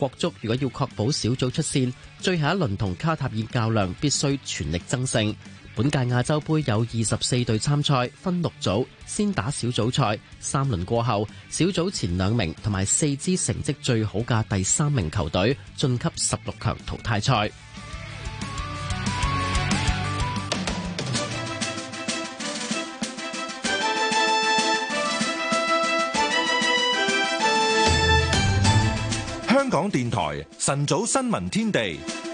國足如果要確保小組出線，最後一輪同卡塔爾較量必須全力爭勝。本屆亞洲盃有二十四隊參賽，分六組，先打小組賽，三輪過後，小組前兩名同埋四支成績最好嘅第三名球隊晉級十六強淘汰賽。電台晨早新聞天地。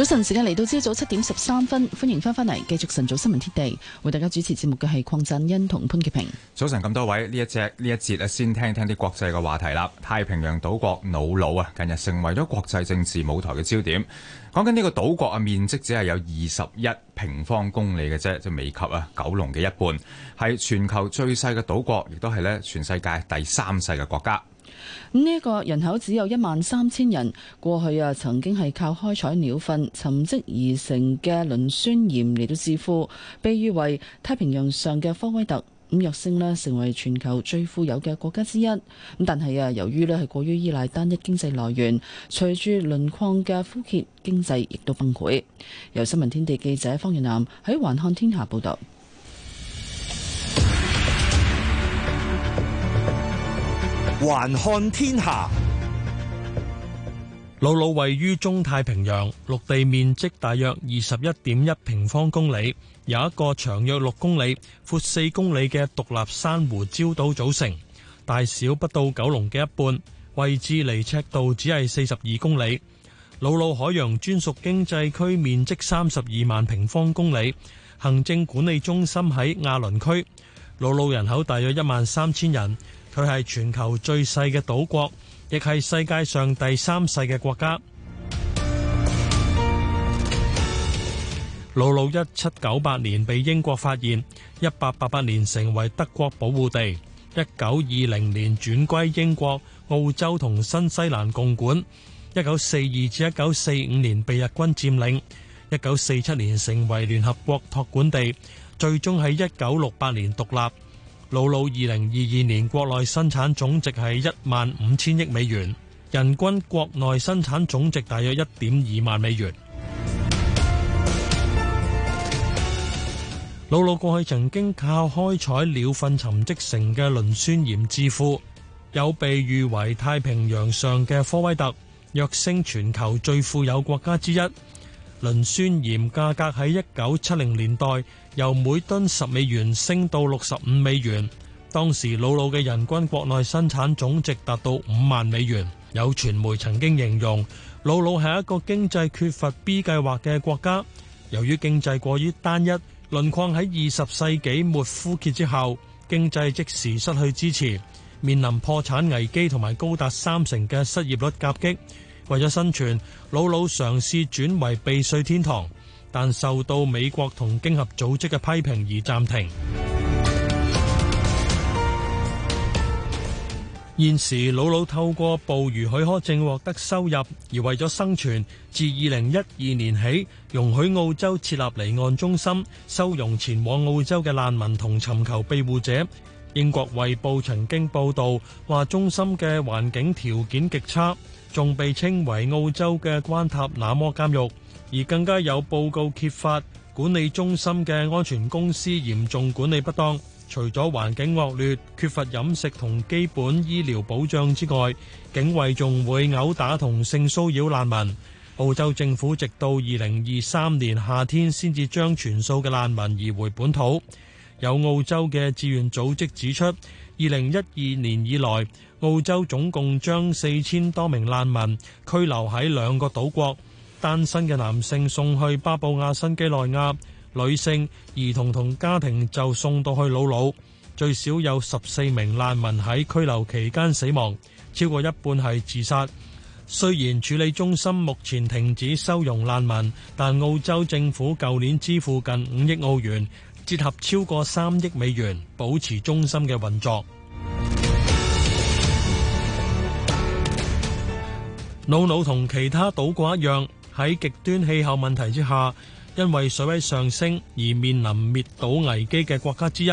早晨時間嚟,到朝早七點十三分，歡迎翻返嚟，繼續晨早新聞天地，為大家主持節目嘅係鄺振恩同潘潔平。早晨咁多位，呢一只呢一節咧，先聽聽啲國際嘅話題啦。太平洋島國瑙魯啊，近日成為咗國際政治舞台嘅焦點。講緊呢個島國啊，面積只係有二十一平方公里嘅啫，即未及啊九龍嘅一半，係全球最細嘅島國，亦都係咧全世界第三細嘅國家。咁呢一個人口只有一萬三千人，過去啊曾經係靠開採鳥糞沉積而成嘅磷酸鹽嚟到致富，被譽為太平洋上嘅科威特。咁若升咧成為全球最富有嘅國家之一。咁但係啊由於咧係過於依賴單一經濟來源，隨住磷礦嘅枯竭，經濟亦都崩潰。由新聞天地記者方月南喺環看天下報道。環看天下，瑙魯位於中太平洋，陸地面積大約二十一點一平方公里，由一個長約六公里、闊四公里嘅獨立珊瑚礁島組成，大小不到九龍嘅一半。位置離赤道只係四十二公里。瑙魯海洋專屬經濟區面積三十二萬平方公里，行政管理中心喺亞倫區。瑙魯人口大約一萬三千人。佢係全球最細嘅島國，亦係世界上第三細嘅國家。瑙魯一七九八年被英國發現，一八八八年成為德國保護地，一九二零年轉歸英國、澳洲同新西蘭共管，一九四二至一九四五年被日軍佔領，一九四七年成為聯合國託管地，最終喺一九六八年獨立。瑙魯二零二二年國內生產總值係一萬五千億美元，人均國內生產總值大約一點二萬美元。瑙魯過去曾經靠開採鳥糞沉積成嘅磷酸鹽致富，有被譽為太平洋上嘅科威特，躍升全球最富有國家之一。磷酸鹽價格喺一九七零年代由每噸十美元升到六十五美元，當時瑙魯嘅人均國內生產總值達到五萬美元。有傳媒曾經形容瑙魯係一個經濟缺乏 B 計劃嘅國家，由於經濟過於單一，磷礦喺二十世紀末枯竭之後，經濟即時失去支持，面臨破產危機同埋高達三成嘅失業率夾擊。為咗生存，老老嘗試轉為避稅天堂，但受到美國同經合組織嘅批評而暫停。現時老老透過捕魚許可證獲得收入，而為咗生存，自二零一二年起容許澳洲設立離岸中心收容前往澳洲嘅難民同尋求庇護者。英國衛報曾經報道話，中心嘅環境條件極差。仲被稱為澳洲嘅關塔那摩監獄，而更加有報告揭發管理中心嘅安全公司嚴重管理不當。除咗環境惡劣、缺乏飲食同基本醫療保障之外，警衛仲會毆打同性騷擾難民。澳洲政府直到二零二三年夏天先至將全數嘅難民移回本土。有澳洲嘅志願組織指出，二零一二年以來，澳洲總共將四千多名難民拘留喺兩個島國，單身嘅男性送去巴布亞新幾內亞，女性、兒童同家庭就送到去瑙魯。最少有十四名難民喺拘留期間死亡，超過一半係自殺。雖然處理中心目前停止收容難民，但澳洲政府舊年支付近五億澳元，折合超過三億美元，保持中心嘅運作。瑙魯同其他島國一樣，喺極端氣候問題之下，因為水位上升而面臨滅島危機嘅國家之一。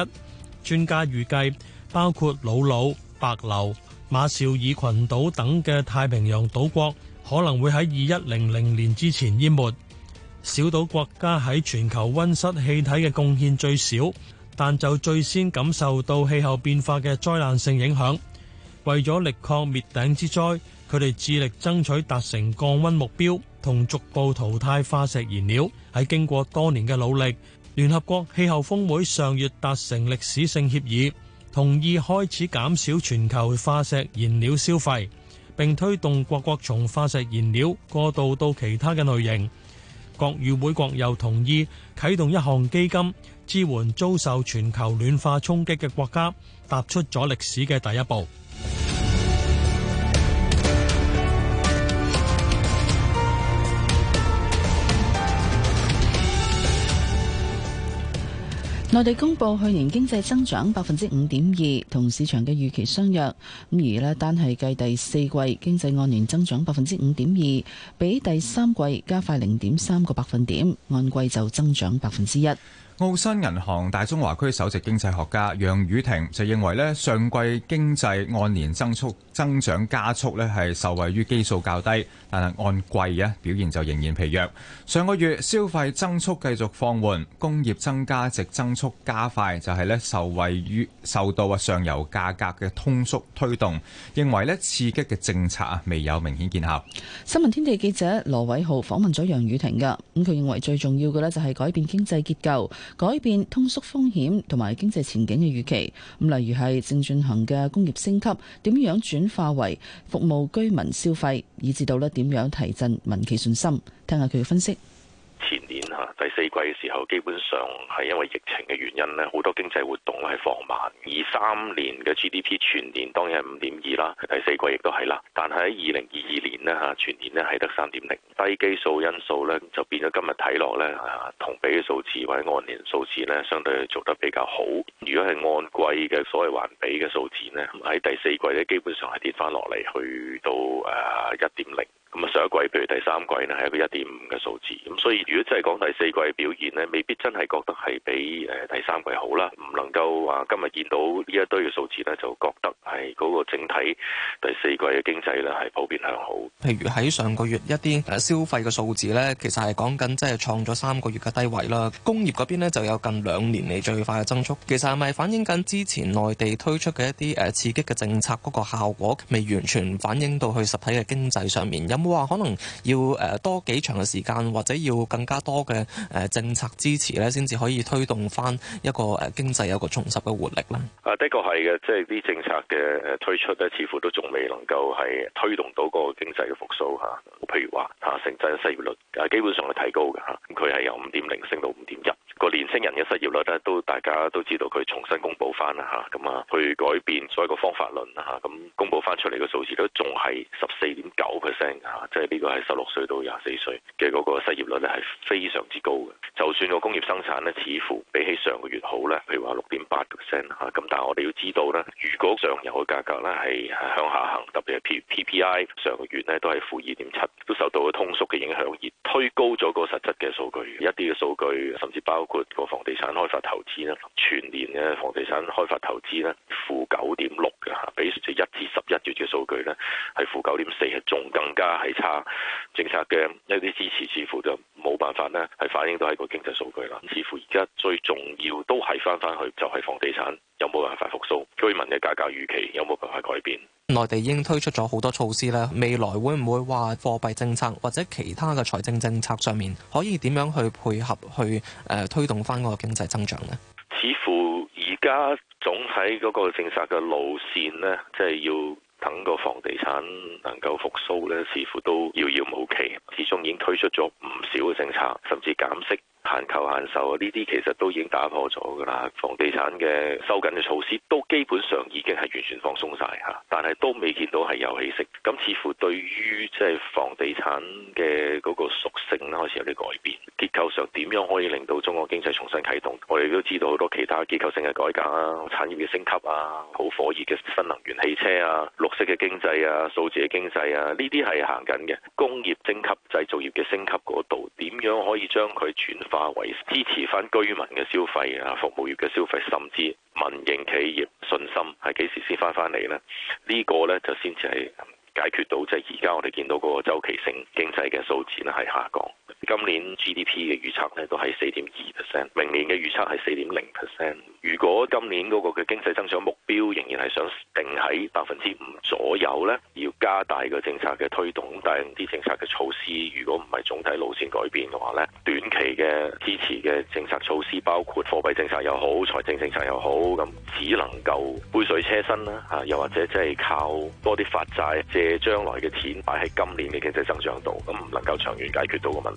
專家預計，包括瑙魯、帛琉、馬紹爾群島等嘅太平洋島國，可能會喺二一零零年之前淹沒。小島國家喺全球溫室氣體嘅貢獻最少，但就最先感受到氣候變化嘅災難性影響。為咗力抗滅頂之災，佢哋致力爭取達成降溫目標，同逐步淘汰化石燃料，喺經過多年嘅努力，聯合國氣候峰會上月達成歷史性協議，同意開始減少全球化石燃料消費，並推動各國從化石燃料過渡到其他嘅類型。各與會國又同意啟動一項基金，支援遭受全球暖化衝擊嘅國家，踏出咗歷史嘅第一步。內地公佈去年經濟增長百分之五點二，同市場嘅預期相若。咁而呢單係計第四季經濟按年增長百分之五點二，比第三季加快零點三個百分點，按季就增長百分之一。澳新銀行大中華區首席經濟學家楊雨婷就認為咧，上季經濟按年增速增長加速咧，係受惠於基數較低，但係按季啊表現就仍然疲弱。上個月消費增速繼續放緩，工業增加值增速加快，就係咧受惠於受到啊上游價格嘅通縮推動。認為咧刺激嘅政策啊未有明顯見效。新聞天地記者羅偉豪訪問咗楊雨婷噶，咁佢認為最重要嘅咧就係改變經濟結構。改變通縮風險同埋經濟前景嘅預期，咁例如係正進行嘅工業升級，點樣轉化為服務居民消費，以至到咧點樣提振民企信心？聽下佢嘅分析。前年嚇第四季嘅時候，基本上係因為疫情嘅原因咧，好多經濟活動咧係放慢。二三年嘅 GDP 全年當然係五點二啦，第四季亦都係啦。但係喺二零二二年呢，嚇全年呢係得三點零，低基數因素咧就變咗今日睇落咧，同比嘅數字或者按年數字咧相對係做得比較好。如果係按季嘅所謂環比嘅數字呢，喺第四季咧基本上係跌翻落嚟，去到誒一點零。咁啊，上一季，譬如第三季咧，係一個一點五嘅數字。咁所以，如果真係講第四季嘅表現呢，未必真係覺得係比誒第三季好啦。唔能夠話今日見到呢一堆嘅數字呢，就覺得係嗰個整體第四季嘅經濟呢係普遍向好。譬如喺上個月一啲誒消費嘅數字呢，其實係講緊即係創咗三個月嘅低位啦。工業嗰邊咧就有近兩年嚟最快嘅增速。其實係咪反映緊之前內地推出嘅一啲誒刺激嘅政策嗰個效果未完全反映到去實體嘅經濟上面？有話可能要誒多幾長嘅時間，或者要更加多嘅誒政策支持咧，先至可以推動返一個誒經濟有一個重拾嘅活力咧。啊，的確係嘅，即係啲政策嘅推出咧，似乎都仲未能夠係推動到個經濟嘅復甦嚇。譬如話，啊，成製嘅失業率基本上係提高嘅嚇，咁佢係由五點零升到五點一。個年輕人嘅失業率咧，都大家都知道佢重新公布翻啦吓，咁啊去改變所有個方法論啦吓，咁公布翻出嚟嘅數字都仲係十四點九 percent 吓，即係呢個係十六歲到廿四歲嘅嗰個失業率咧係非常之高嘅。就算個工業生產咧，似乎比起上個月好咧，譬如話六點八 percent 吓，咁但係我哋要知道咧，如果上游嘅價格咧係向下行，特別係 PPI 上個月咧都係負二點七，都受到個通縮嘅影響而推高咗個實質嘅數據，一啲嘅數據甚至包。包括個房地產開發投資啦，全年嘅房地產開發投資咧負九點六嘅吓，6，比一至十一月嘅數據咧係負九點四，係仲更加係差。政策嘅一啲支持，似乎就冇辦法咧，係反映到喺個經濟數據啦。咁似乎而家最重要都係翻翻去，就係、是、房地產有冇辦法復蘇，居民嘅價格預期有冇辦法改變。內地已經推出咗好多措施啦。未來會唔會話貨幣政策或者其他嘅財政政策上面可以點樣去配合去誒、呃、推動翻嗰個經濟增長呢？似乎而家總體嗰個政策嘅路線呢，即係要等個房地產能夠復蘇呢，似乎都遙遙無期。始終已經推出咗唔少嘅政策，甚至減息。限購限售啊！呢啲其實都已經打破咗噶啦。房地產嘅收緊嘅措施都基本上已經係完全放鬆晒吓，但係都未見到係有起色。咁似乎對於即係房地產嘅嗰個屬性咧，開始有啲改變，結構上點樣可以令到中國經濟重新啟動，我哋都知道好多其他結構性嘅改革啊，產業嘅升級啊，好火熱嘅新能源汽車啊，綠色嘅經濟啊，數字嘅經濟啊，呢啲係行緊嘅工業升級製造業嘅升級嗰度，點樣可以將佢轉。化為支持翻居民嘅消費啊，服務業嘅消費，甚至民營企業信心，係幾時先翻返嚟呢？呢個呢，就先至係解決到，即係而家我哋見到嗰個週期性經濟嘅數字呢，係下降。今年 GDP 嘅預測咧都係四點二 percent，明年嘅預測係四點零 percent。如果今年嗰個嘅經濟增長目標仍然係想定喺百分之五左右咧，要加大個政策嘅推動，但係啲政策嘅措施如果唔係總體路線改變嘅話咧，短期嘅支持嘅政策措施包括貨幣政策又好、財政政策又好，咁只能夠杯水車薪啦嚇，又或者即係靠多啲發債借將來嘅錢擺喺今年嘅經濟增長度，咁唔能夠長遠解決到個問題。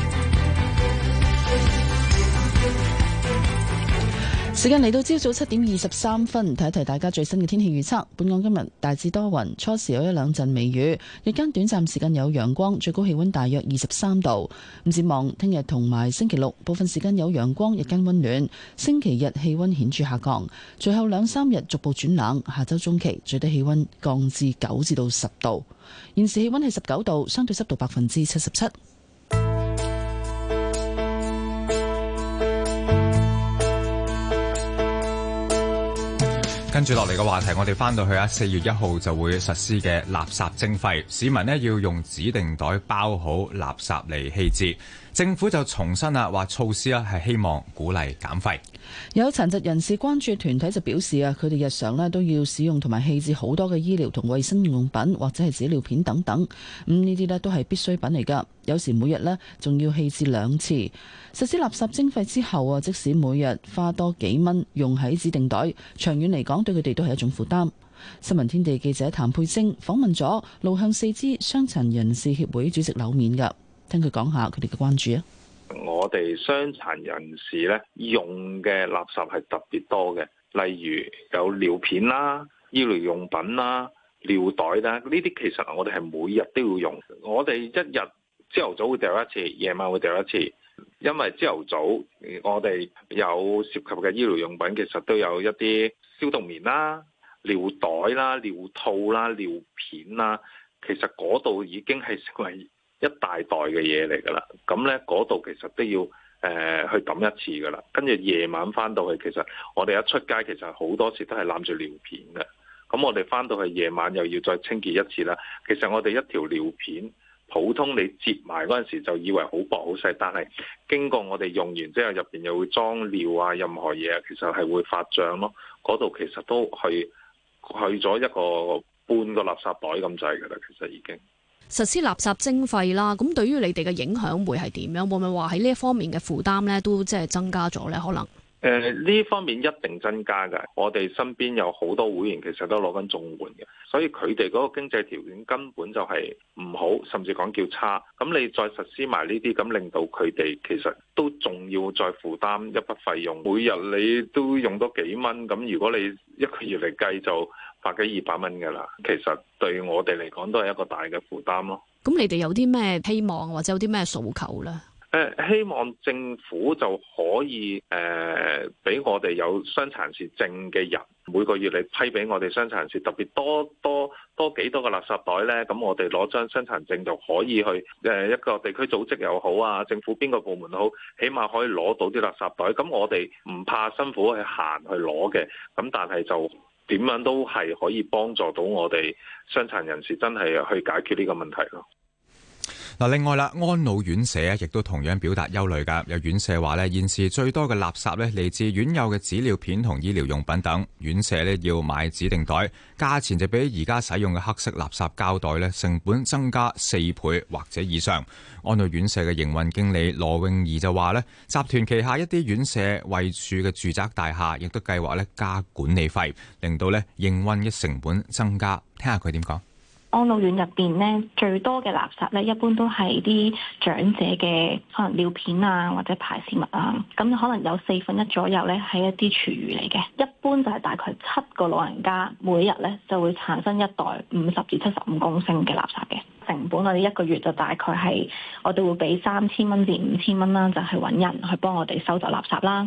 時間嚟到朝早七點二十三分，提一提大家最新嘅天氣預測。本港今日大致多雲，初時有一兩陣微雨，日間短暫時間有陽光，最高氣溫大約二十三度。唔展望聽日同埋星期六部分時間有陽光，日間溫暖。星期日氣溫顯著下降，最後兩三日逐步轉冷，下周中期最低氣溫降至九至到十度。現時氣溫係十九度，相對濕度百分之七十七。跟住落嚟嘅話題，我哋翻到去啊，四月一號就會實施嘅垃圾徵費，市民呢要用指定袋包好垃圾嚟棄置。政府就重申啊，話措施啊係希望鼓勵減費。有殘疾人士關注團體就表示啊，佢哋日常咧都要使用同埋棄置好多嘅醫療同衛生用品或者係紙尿片等等，咁呢啲咧都係必需品嚟噶。有時每日咧仲要棄置兩次，實施垃圾徵費之後啊，即使每日花多幾蚊用喺指定袋，長遠嚟講對佢哋都係一種負擔。新聞天地記者譚佩晶訪問咗路向四肢傷殘人士協會主席柳冕噶。聽佢講下佢哋嘅關注啊！我哋傷殘人士咧用嘅垃圾係特別多嘅，例如有尿片啦、醫療用品啦、尿袋啦，呢啲其實我哋係每日都要用。我哋一日朝頭早會掉一次，夜晚會掉一次。因為朝頭早我哋有涉及嘅醫療用品，其實都有一啲消毒棉啦、尿袋啦、尿套啦、尿片啦，其實嗰度已經係成為。一大袋嘅嘢嚟噶啦，咁呢嗰度其實都要誒、呃、去抌一次噶啦。跟住夜晚翻到去，其實我哋一出街其實好多時都係攬住尿片嘅。咁我哋翻到去夜晚又要再清潔一次啦。其實我哋一條尿片普通你摺埋嗰陣時就以為好薄好細，但係經過我哋用完之後入邊又會裝尿啊任何嘢，其實係會發脹咯。嗰度其實都去去咗一個半個,個垃圾袋咁滯噶啦，其實已經。實施垃圾徵費啦，咁對於你哋嘅影響會係點樣？會唔會話喺呢一方面嘅負擔咧，都即係增加咗咧？可能誒、呃，呢方面一定增加㗎。我哋身邊有好多會員，其實都攞緊綜援嘅，所以佢哋嗰個經濟條件根本就係唔好，甚至講叫差。咁你再實施埋呢啲，咁令到佢哋其實都仲要再負擔一筆費用。每日你都用多幾蚊，咁如果你一個月嚟計就。百幾二百蚊噶啦，其實對我哋嚟講都係一個大嘅負擔咯。咁你哋有啲咩希望或者有啲咩訴求呢？誒、呃，希望政府就可以誒，俾、呃、我哋有傷殘證嘅人每個月嚟，批俾我哋傷殘證，特別多多，多多多幾多個垃圾袋呢。咁我哋攞張傷殘證就可以去誒、呃，一個地區組織又好啊，政府邊個部門都好，起碼可以攞到啲垃圾袋。咁我哋唔怕辛苦去行去攞嘅。咁但係就。點樣都係可以幫助到我哋傷殘人士，真係去解決呢個問題咯。嗱，另外啦，安老院舍亦都同樣表達憂慮嘅。有院舍話咧，現時最多嘅垃圾咧嚟自院友嘅紙尿片同醫療用品等。院舍咧要買指定袋，價錢就比而家使用嘅黑色垃圾膠袋咧成本增加四倍或者以上。安老院舍嘅營運經理羅永儀就話咧，集團旗下一啲院舍位處嘅住宅大廈亦都計劃咧加管理費，令到咧營運嘅成本增加。聽下佢點講。安老院入邊咧，最多嘅垃圾咧，一般都係啲長者嘅可能尿片啊，或者排泄物啊，咁可能有四分一左右咧，係一啲廚餘嚟嘅。一般就係大概七個老人家每日咧，就會產生一袋五十至七十五公升嘅垃圾嘅。成本我哋一個月就大概係我哋會俾三千蚊至五千蚊啦，就係揾人去幫我哋收集垃圾啦。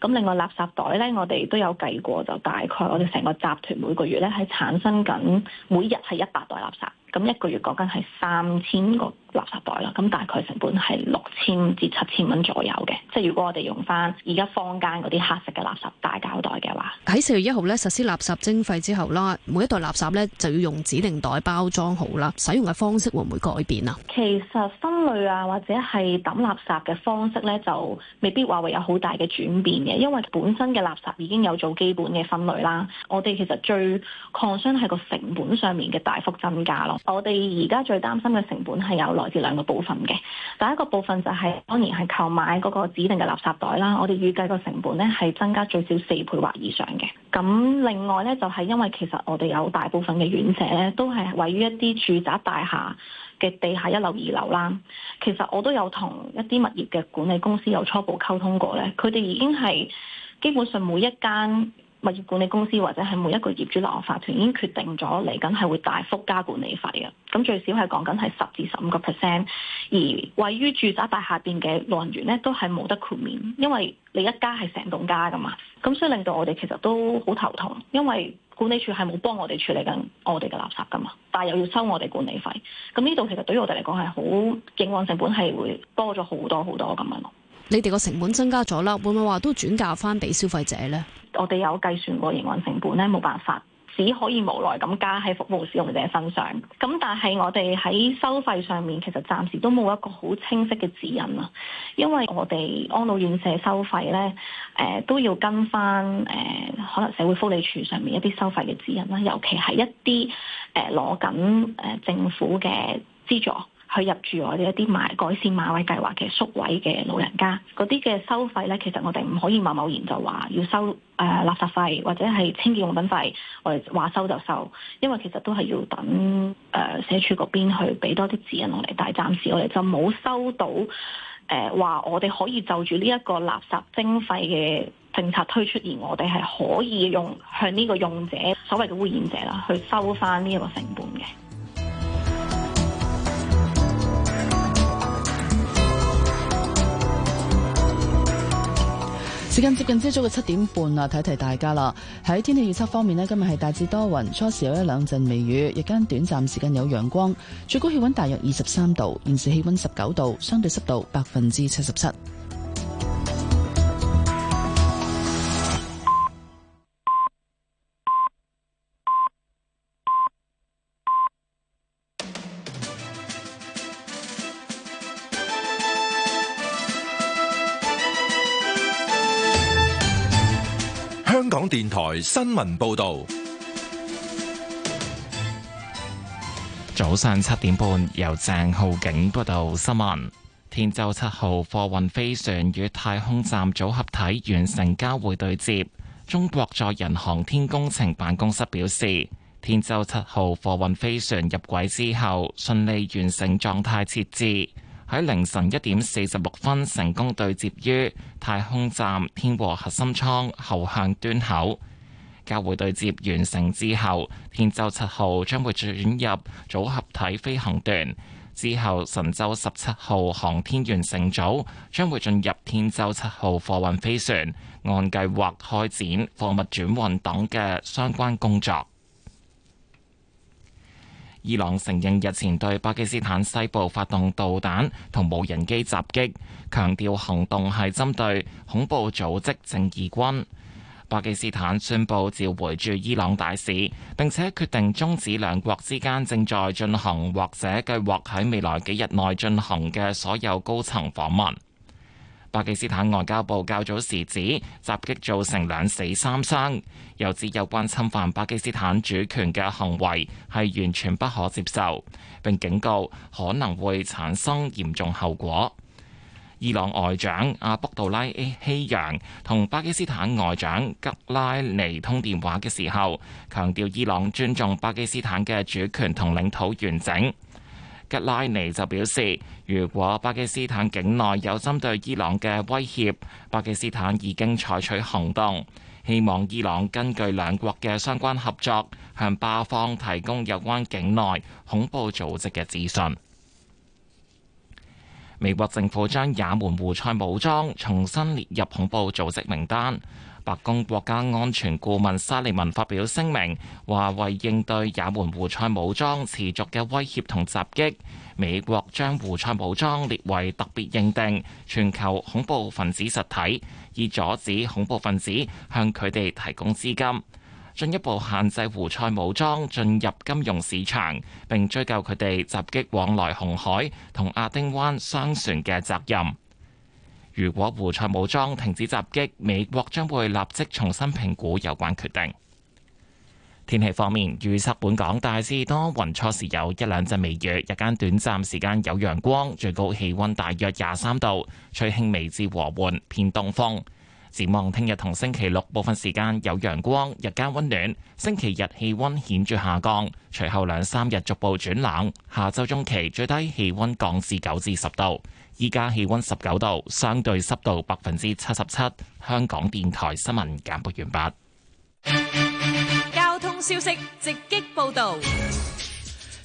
咁另外垃圾袋呢，我哋都有計過，就大概我哋成個集團每個月呢係產生緊每日係一百袋垃圾，咁一個月講緊係三千個。垃圾袋啦，咁大概成本係六千至七千蚊左右嘅。即係如果我哋用翻而家坊間嗰啲黑色嘅垃圾大膠袋嘅話，喺四月一號咧實施垃圾徵費之後啦，每一袋垃圾咧就要用指定袋包裝好啦。使用嘅方式會唔會改變啊？其實分類啊或者係抌垃圾嘅方式咧，就未必話會有好大嘅轉變嘅，因為本身嘅垃圾已經有做基本嘅分類啦。我哋其實最關心係個成本上面嘅大幅增加咯。我哋而家最擔心嘅成本係有來自兩個部分嘅，第一個部分就係當然係購買嗰個指定嘅垃圾袋啦。我哋預計個成本咧係增加最少四倍或以上嘅。咁另外咧就係因為其實我哋有大部分嘅院舍咧都係位於一啲住宅大廈嘅地下一樓二樓啦。其實我都有同一啲物業嘅管理公司有初步溝通過咧，佢哋已經係基本上每一間。物業管理公司或者係每一個業主立案法團已經決定咗嚟緊係會大幅加管理費嘅，咁最少係講緊係十至十五個 percent，而位於住宅大廈邊嘅老人院咧都係冇得豁免，因為你一家係成棟加㗎嘛，咁所以令到我哋其實都好頭痛，因為管理處係冇幫我哋處理緊我哋嘅垃圾㗎嘛，但係又要收我哋管理費，咁呢度其實對於我哋嚟講係好營運成本係會多咗好多好多咁樣咯。你哋個成本增加咗啦，會唔會話都轉嫁翻俾消費者呢？我哋有計算過營運成本咧，冇辦法，只可以無奈咁加喺服務使用者身上。咁但係我哋喺收費上面，其實暫時都冇一個好清晰嘅指引啦。因為我哋安老院舍收費呢，誒、呃、都要跟翻誒、呃、可能社會福利署上面一啲收費嘅指引啦，尤其係一啲誒攞緊誒政府嘅資助。去入住我哋一啲改善買位計劃嘅宿位嘅老人家，嗰啲嘅收費咧，其實我哋唔可以貿貿然就話要收誒、呃、垃圾費或者係清潔用品費，我哋話收就收，因為其實都係要等誒社署嗰邊去俾多啲指引落嚟，但係暫時我哋就冇收到誒話，呃、我哋可以就住呢一個垃圾徵費嘅政策推出，而我哋係可以用向呢個用者所謂嘅污染者啦，去收翻呢一個成本嘅。時間接近朝早嘅七點半啦，提提大家啦。喺天氣預測方面咧，今日係大致多雲，初時有一兩陣微雨，日間短暫時間有陽光，最高氣溫大約二十三度，現時氣溫十九度，相對濕度百分之七十七。電台新聞報道：早上七點半，由鄭浩景報道新聞。天舟七號貨運飛船與太空站組合體完成交會對接。中國載人航天工程辦公室表示，天舟七號貨運飛船入軌之後，順利完成狀態設置。喺凌晨一點四十六分成功對接於太空站天和核心艙後向端口。交會對接完成之後，天舟七號將會轉入組合體飛行段。之後，神舟十七號航天員乘組將會進入天舟七號貨運飛船，按計劃開展貨物轉運等嘅相關工作。伊朗承認日前對巴基斯坦西部發動導彈同無人機襲擊，強調行動係針對恐怖組織正義軍。巴基斯坦宣布召回駐伊朗大使，並且決定終止兩國之間正在進行或者計劃喺未來幾日內進行嘅所有高層訪問。巴基斯坦外交部較早時指襲擊造成兩死三傷，又指有關侵犯巴基斯坦主權嘅行為係完全不可接受，並警告可能會產生嚴重後果。伊朗外長阿卜杜拉希揚同巴基斯坦外長吉拉尼通電話嘅時候，強調伊朗尊重巴基斯坦嘅主權同領土完整。吉拉尼就表示，如果巴基斯坦境內有針對伊朗嘅威脅，巴基斯坦已經採取行動，希望伊朗根據兩國嘅相關合作，向巴方提供有關境內恐怖組織嘅資訊。美國政府將也門胡塞武裝重新列入恐怖組織名單。白宮國家安全顧問沙利文發表聲明，話為應對也門胡塞武裝持續嘅威脅同襲擊，美國將胡塞武裝列為特別認定全球恐怖分子實體，以阻止恐怖分子向佢哋提供資金，進一步限制胡塞武裝進入金融市場，並追究佢哋襲擊往來紅海同亞丁灣商船嘅責任。如果胡塞武裝停止襲擊，美國將會立即重新評估有關決定。天氣方面預測本港大致多雲，初時有一兩陣微雨，日間短暫時間有陽光，最高氣温大約廿三度，吹輕微至和緩偏東風。展望聽日同星期六部分時間有陽光，日間温暖；星期日氣温顯著下降，隨後兩三日逐步轉冷，下週中期最低氣温降至九至十度。依家氣溫十九度，相對濕度百分之七十七。香港電台新聞簡報完畢。交通消息直擊報道。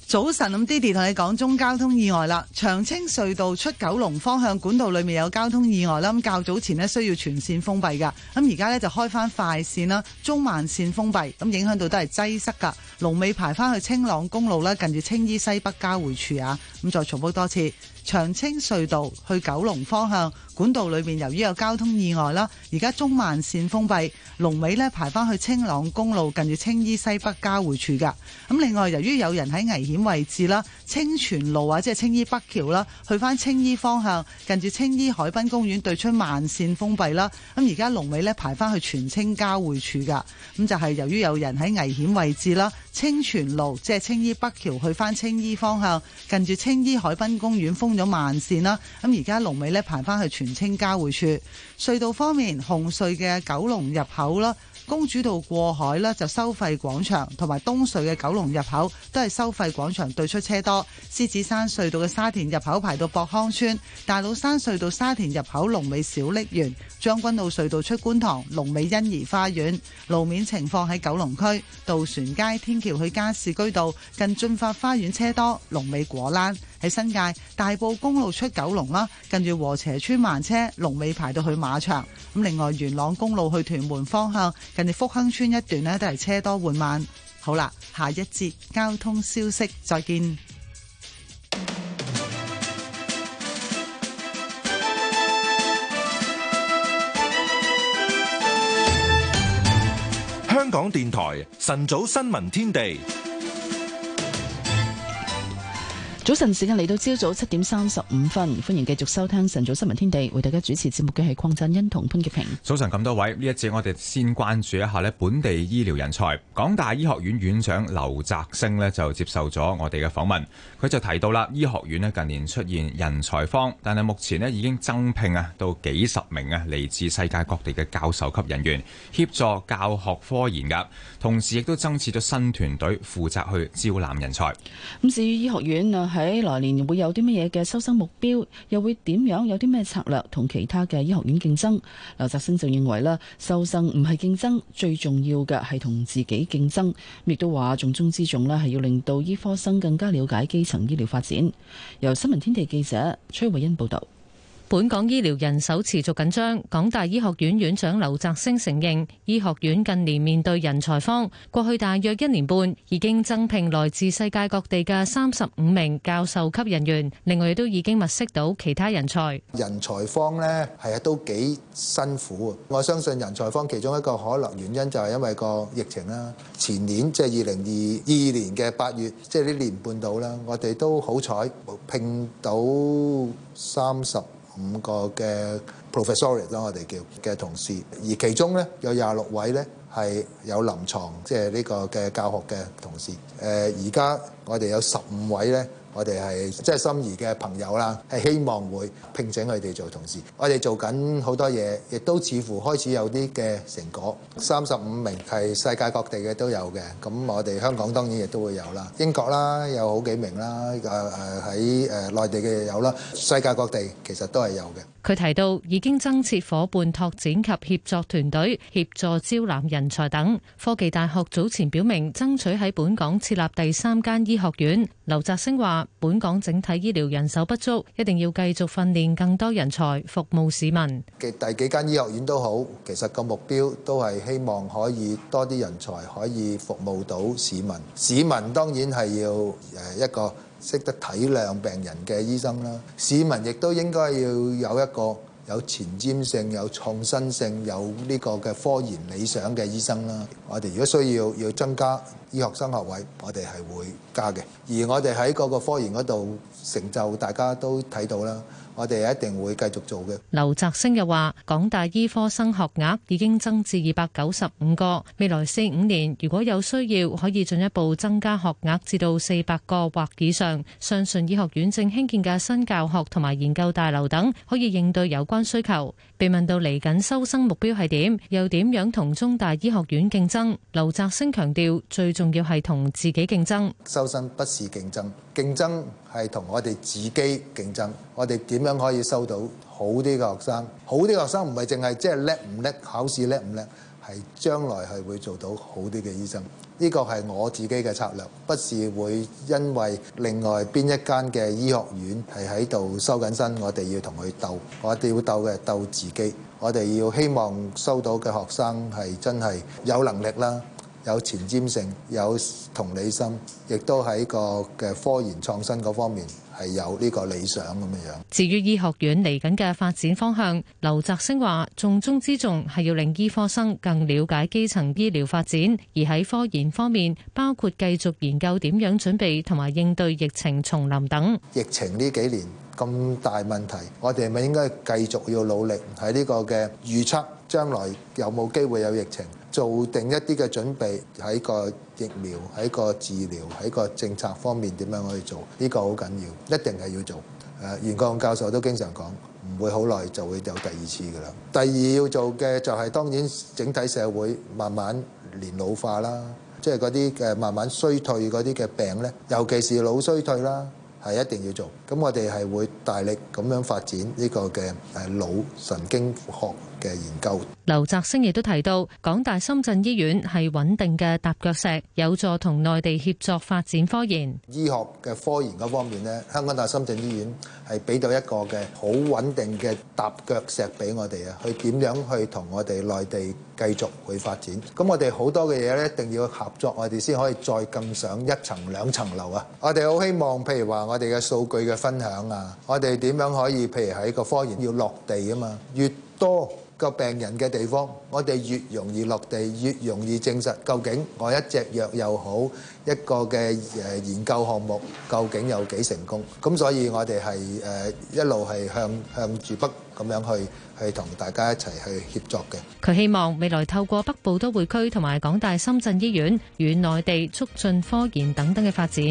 早晨，咁爹哋同你講中交通意外啦。長青隧道出九龍方向管道裏面有交通意外啦。咁較早前咧，需要全線封閉噶，咁而家呢，就開翻快線啦，中慢線封閉，咁影響到都係擠塞噶。龍尾排翻去青朗公路啦，近住青衣西北交匯處啊。咁再重複多次。長青隧道去九龍方向管道裏面由於有交通意外啦，而家中慢線封閉，龍尾咧排翻去青朗公路近住青衣西北交匯處噶。咁另外，由於有人喺危險位置啦。清泉路啊，即係青衣北橋啦，去翻青衣方向，近住青衣海濱公園對出慢線封閉啦。咁而家龍尾咧排翻去荃青交匯處噶。咁就係由於有人喺危險位置啦，青荃路即係青衣北橋去翻青衣方向，近住青衣海濱公園封咗慢線啦。咁而家龍尾咧排翻去荃青交匯處。隧道方面，紅隧嘅九龍入口啦。公主道過海咧就收費廣場，同埋東隧嘅九龍入口都係收費廣場對出車多。獅子山隧道嘅沙田入口排到博康村，大老山隧道沙田入口龍尾小瀝源，將軍澳隧道出觀塘龍尾欣怡花園。路面情況喺九龍區渡船街天橋去加士居道近駿發花園車多，龍尾果欄。喺新界大埔公路出九龍啦，近住和斜村慢車龍尾排到去馬場。咁另外元朗公路去屯門方向，近住福亨村一段呢，都係車多緩慢。好啦，下一節交通消息，再見。香港電台晨早新聞天地。早晨，時間嚟到朝早七點三十五分，歡迎繼續收聽晨早新聞天地。為大家主持節目嘅係鄺振欣同潘潔平。早晨咁多位，呢一節我哋先關注一下咧本地醫療人才。港大醫學院院長劉澤星咧就接受咗我哋嘅訪問，佢就提到啦，醫學院咧近年出現人才荒，但係目前咧已經增聘啊到幾十名啊嚟自世界各地嘅教授級人員協助教學科研噶，同時亦都增設咗新團隊負責去招攬人才。咁至於醫學院啊，喺來年會有啲乜嘢嘅收生目標，又會點樣有啲咩策略同其他嘅醫學院競爭？劉澤星就認為呢，收生唔係競爭，最重要嘅係同自己競爭，亦都話重中之重呢係要令到醫科生更加了解基層醫療發展。由新聞天地記者崔慧恩報道。本港醫療人手持續緊張，港大醫學院院長劉澤星承認，醫學院近年面對人才荒。過去大約一年半已經增聘來自世界各地嘅三十五名教授級人員，另外亦都已經物識到其他人才。人才荒呢係啊，都幾辛苦啊。我相信人才荒其中一個可能原因就係因為個疫情啦。前年即係二零二二年嘅八月，即係呢年半到啦，我哋都好彩聘到三十五個嘅 professorate 啦，我哋叫嘅同事，而其中咧有廿六位咧係有臨床，即係呢個嘅教學嘅同事。誒、呃，而家我哋有十五位咧。我哋係即係心儀嘅朋友啦，係希望會聘請佢哋做同事。我哋做緊好多嘢，亦都似乎開始有啲嘅成果。三十五名係世界各地嘅都有嘅，咁我哋香港當然亦都會有啦。英國啦有好幾名啦，誒誒喺誒內地嘅有啦，世界各地其實都係有嘅。佢提到已經增設夥伴拓展及協作團隊，協助招攬人才等。科技大學早前表明爭取喺本港設立第三間醫學院。劉澤星話：本港整體醫療人手不足，一定要繼續訓練更多人才服務市民。嘅第幾間醫學院都好，其實個目標都係希望可以多啲人才可以服務到市民。市民當然係要誒一個。識得體諒病人嘅醫生啦，市民亦都應該要有一個有前瞻性、有創新性、有呢個嘅科研理想嘅醫生啦。我哋如果需要要增加醫學生學位，我哋係會加嘅。而我哋喺嗰個科研嗰度成就，大家都睇到啦。我哋一定會繼續做嘅。劉澤星又話，港大醫科生學額已經增至二百九十五個，未來四五年如果有需要，可以進一步增加學額至到四百個或以上。相信醫學院正興建嘅新教學同埋研究大樓等，可以應對有關需求。被問到嚟緊收生目標係點，又點樣同中大醫學院競爭？劉澤星強調，最重要係同自己競爭。收生不是競爭，競爭係同我哋自己競爭。我哋點樣可以收到好啲嘅學生？好啲學生唔係淨係即係叻唔叻，考試叻唔叻，係將來係會做到好啲嘅醫生。呢個係我自己嘅策略，不是會因為另外邊一間嘅醫學院係喺度收緊生，我哋要同佢鬥，我哋要鬥嘅鬥自己。我哋要希望收到嘅學生係真係有能力啦，有前瞻性，有同理心，亦都喺個嘅科研創新嗰方面。係有呢個理想咁樣樣。至於醫學院嚟緊嘅發展方向，劉澤星話：重中之重係要令醫科生更了解基層醫療發展，而喺科研方面，包括繼續研究點樣準備同埋應對疫情重臨等。疫情呢幾年咁大問題，我哋咪應該繼續要努力喺呢個嘅預測，將來有冇機會有疫情，做定一啲嘅準備喺個。疫苗喺個治療喺個政策方面點樣去做？呢、這個好緊要，一定係要做。誒、呃、袁國勇教授都經常講，唔會好耐就會有第二次㗎啦。第二要做嘅就係、是、當然整體社會慢慢年老化啦，即係嗰啲誒慢慢衰退嗰啲嘅病咧，尤其是腦衰退啦，係一定要做。咁我哋係會大力咁樣發展呢個嘅誒腦神經學。嘅研究，劉澤星亦都提到，港大深圳醫院係穩定嘅踏腳石，有助同內地協作發展科研。醫學嘅科研嗰方面咧，香港大深圳醫院係俾到一個嘅好穩定嘅踏腳石俾我哋啊，去點樣去同我哋內地繼續去發展。咁我哋好多嘅嘢咧，一定要合作，我哋先可以再更上一層兩層樓啊！我哋好希望，譬如話，我哋嘅數據嘅分享啊，我哋點樣可以譬如喺個科研要落地啊嘛，越多。個病人嘅地方，我哋越容易落地，越容易證實究竟我一隻藥又好，一個嘅誒研究項目究竟有幾成功。咁所以我哋係誒一路係向向住北咁樣去，去同大家一齊去協作嘅。佢希望未來透過北部都會區同埋港大深圳醫院與內地促進科研等等嘅發展。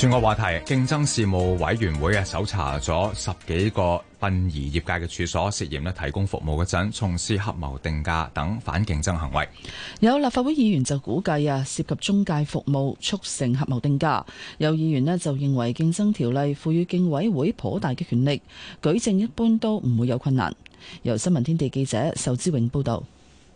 轉個話題，競爭事務委員會啊，搜查咗十幾個殯儀業界嘅處所，涉嫌咧提供服務嗰陣從事合謀定價等反競爭行為。有立法會議員就估計啊，涉及中介服務促成合謀定價。有議員咧就認為，競爭條例賦予競委會頗大嘅權力，舉證一般都唔會有困難。由新聞天地記者壽之永報道。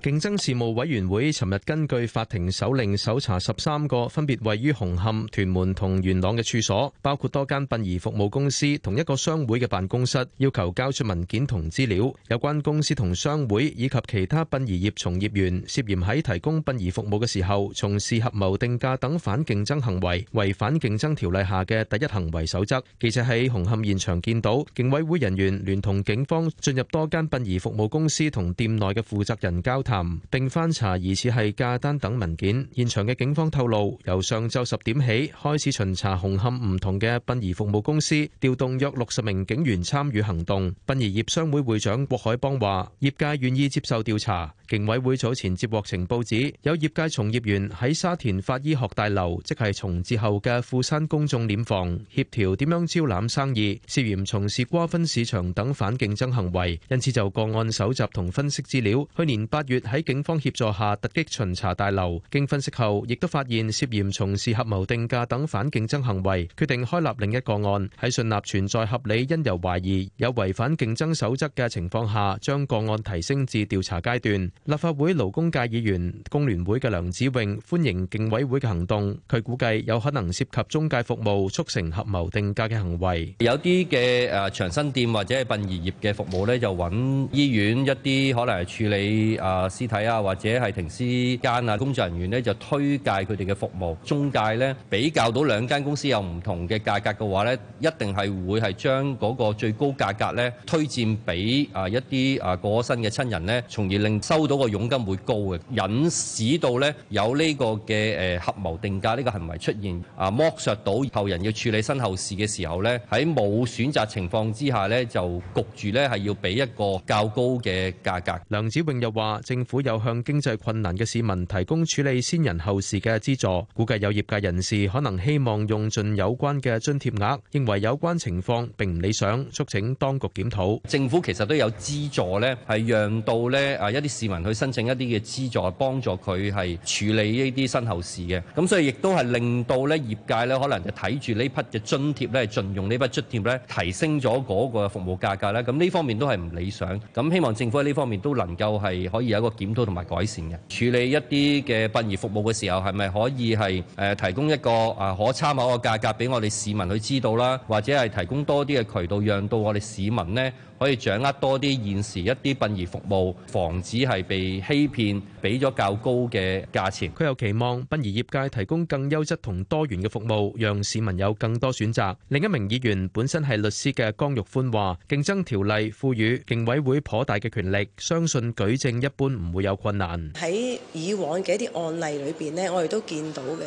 競爭事務委員會尋日根據法庭手令搜查十三個分別位於紅磡、屯門同元朗嘅處所，包括多間殯儀服務公司同一個商會嘅辦公室，要求交出文件同資料。有關公司同商會以及其他殯儀業從業員涉嫌喺提供殯儀服務嘅時候，從事合謀定價等反競爭行為，違反競爭條例下嘅第一行為守則。記者喺紅磡現場見到，競委會人員聯同警方進入多間殯儀服務公司，同店內嘅負責人交談。並翻查疑似係價單等文件。現場嘅警方透露，由上晝十點起開始巡查紅磡唔同嘅殯儀服務公司，調動約六十名警員參與行動。殯儀業商會會長郭海邦話，業界願意接受調查。警委會早前接獲情報，指有業界從業員喺沙田法醫學大樓，即係重置後嘅富山公眾殮房，協調點樣招攬生意，涉嫌從事瓜分市場等反競爭行為，因此就個案搜集同分析資料。去年八月，月喺警方協助下突擊巡查大樓，經分析後亦都發現涉嫌從事合謀定價等反競爭行為，決定開立另一個案。喺信納存在合理因由懷疑有違反競爭守則嘅情況下，將個案提升至調查階段。立法會勞工界議員工聯會嘅梁子穎歡迎競委會嘅行動，佢估計有可能涉及中介服務促成合謀定價嘅行為。有啲嘅誒長生店或者係殯儀業嘅服務咧，就揾醫院一啲可能係處理誒。屍體啊，或者係停屍間啊，工作人員咧就推介佢哋嘅服務。中介咧比較到兩間公司有唔同嘅價格嘅話咧，一定係會係將嗰個最高價格咧推薦俾啊一啲啊過咗身嘅親人咧，從而令收到個傭金會高嘅，引使到咧有呢個嘅誒合謀定價呢個行為出現，啊剝削到後人要處理身後事嘅時候咧，喺冇選擇情況之下咧就焗住咧係要俾一個較高嘅價格。梁子榮又話。政府有向經濟困難嘅市民提供處理先人後事嘅資助，估計有業界人士可能希望用盡有關嘅津貼額，認為有關情況並唔理想，促請當局檢討。政府其實都有資助呢，係讓到呢啊一啲市民去申請一啲嘅資助，幫助佢係處理呢啲身後事嘅。咁所以亦都係令到呢業界呢可能就睇住呢筆嘅津貼呢，盡用呢筆津貼呢，提升咗嗰個服務價格呢。咁呢方面都係唔理想，咁希望政府喺呢方面都能夠係可以有。個檢討同埋改善嘅處理一啲嘅殯儀服務嘅時候，係咪可以係誒、呃、提供一個啊、呃、可參考嘅價格俾我哋市民去知道啦，或者係提供多啲嘅渠道，讓到我哋市民咧？可以掌握多啲現時一啲殯儀服務，防止係被欺騙，俾咗較高嘅價錢。佢又期望殯儀業界提供更優質同多元嘅服務，讓市民有更多選擇。另一名議員本身係律師嘅江玉歡話，競爭條例賦予競委會頗大嘅權力，相信舉證一般唔會有困難。喺以往嘅一啲案例裏邊咧，我哋都見到嘅，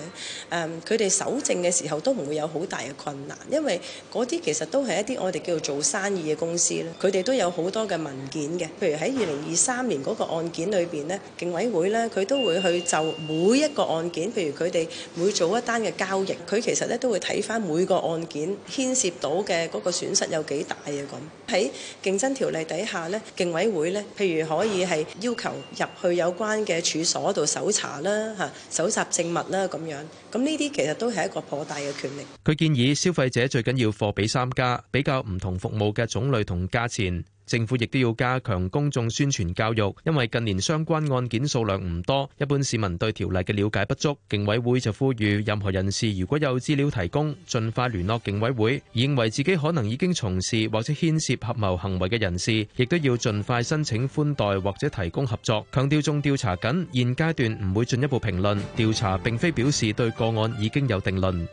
誒，佢哋搜證嘅時候都唔會有好大嘅困難，因為嗰啲其實都係一啲我哋叫做做生意嘅公司咧。佢佢哋都有好多嘅文件嘅，譬如喺二零二三年嗰個案件裏邊咧，競委會咧，佢都會去就每一個案件，譬如佢哋每做一單嘅交易，佢其實咧都會睇翻每個案件牽涉到嘅嗰個損失有幾大啊咁。喺競爭條例底下咧，競委會咧，譬如可以係要求入去有關嘅處所度搜查啦、嚇搜集證物啦咁樣，咁呢啲其實都係一個頗大嘅權力。佢建議消費者最緊要貨比三家，比較唔同服務嘅種類同價。前政府亦都要加強公眾宣傳教育，因為近年相關案件數量唔多，一般市民對條例嘅了解不足。競委會就呼籲任何人士如果有資料提供，盡快聯絡競委會；認為自己可能已經從事或者牽涉合謀行為嘅人士，亦都要盡快申請寬待或者提供合作。強調仲調查緊，現階段唔會進一步評論調查，並非表示對個案已經有定論。